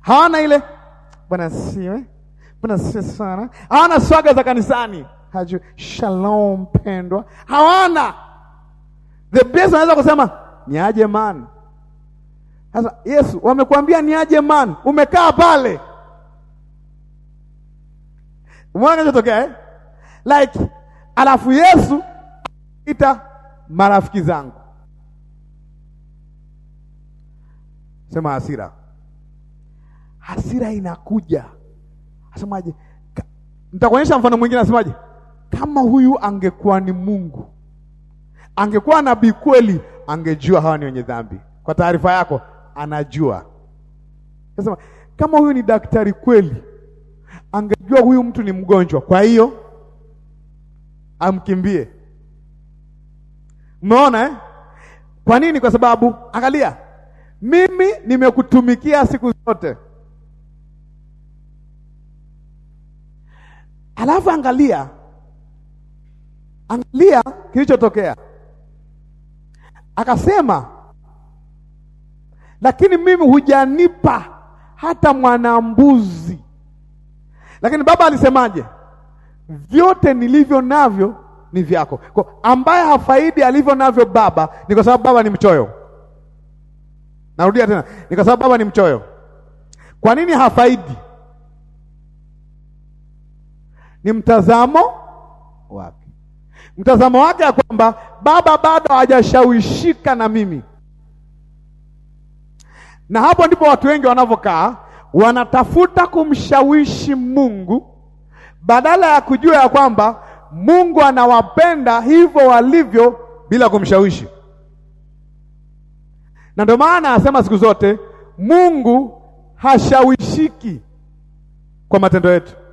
hawana ile bwana siwe bwana siwe sana, hawana swaga za kanisani, haju shalom pendwa, hawana the best. Anaweza kusema niaje man sasa Yesu, wamekuambia ni aje man, umekaa pale mwanachotokea eh? Like alafu Yesu ita marafiki zangu, sema hasira, hasira inakuja. Asemaje? Nitakuonyesha mfano mwingine, asemaje? Kama huyu angekuwa ni Mungu, angekuwa nabii kweli, angejua hawa ni wenye dhambi. Kwa taarifa yako, anajua. Nasema kama huyu ni daktari kweli, angejua huyu mtu ni mgonjwa, kwa hiyo amkimbie. Umeona eh? Kwa nini? Kwa sababu angalia, mimi nimekutumikia siku zote, alafu angalia, angalia kilichotokea, akasema lakini mimi hujanipa hata mwanambuzi. Lakini Baba alisemaje? Vyote nilivyo navyo ni vyako. Kwa ambaye hafaidi alivyo navyo Baba ni kwa sababu Baba ni mchoyo. Narudia tena, ni kwa sababu Baba ni mchoyo. Kwa nini hafaidi? Ni mtazamo wake, mtazamo wake ya kwamba Baba bado hajashawishika na mimi. Na hapo ndipo watu wengi wanavyokaa, wanatafuta kumshawishi Mungu badala ya kujua ya kwamba Mungu anawapenda hivyo walivyo bila kumshawishi. Na ndio maana anasema siku zote Mungu hashawishiki kwa matendo yetu.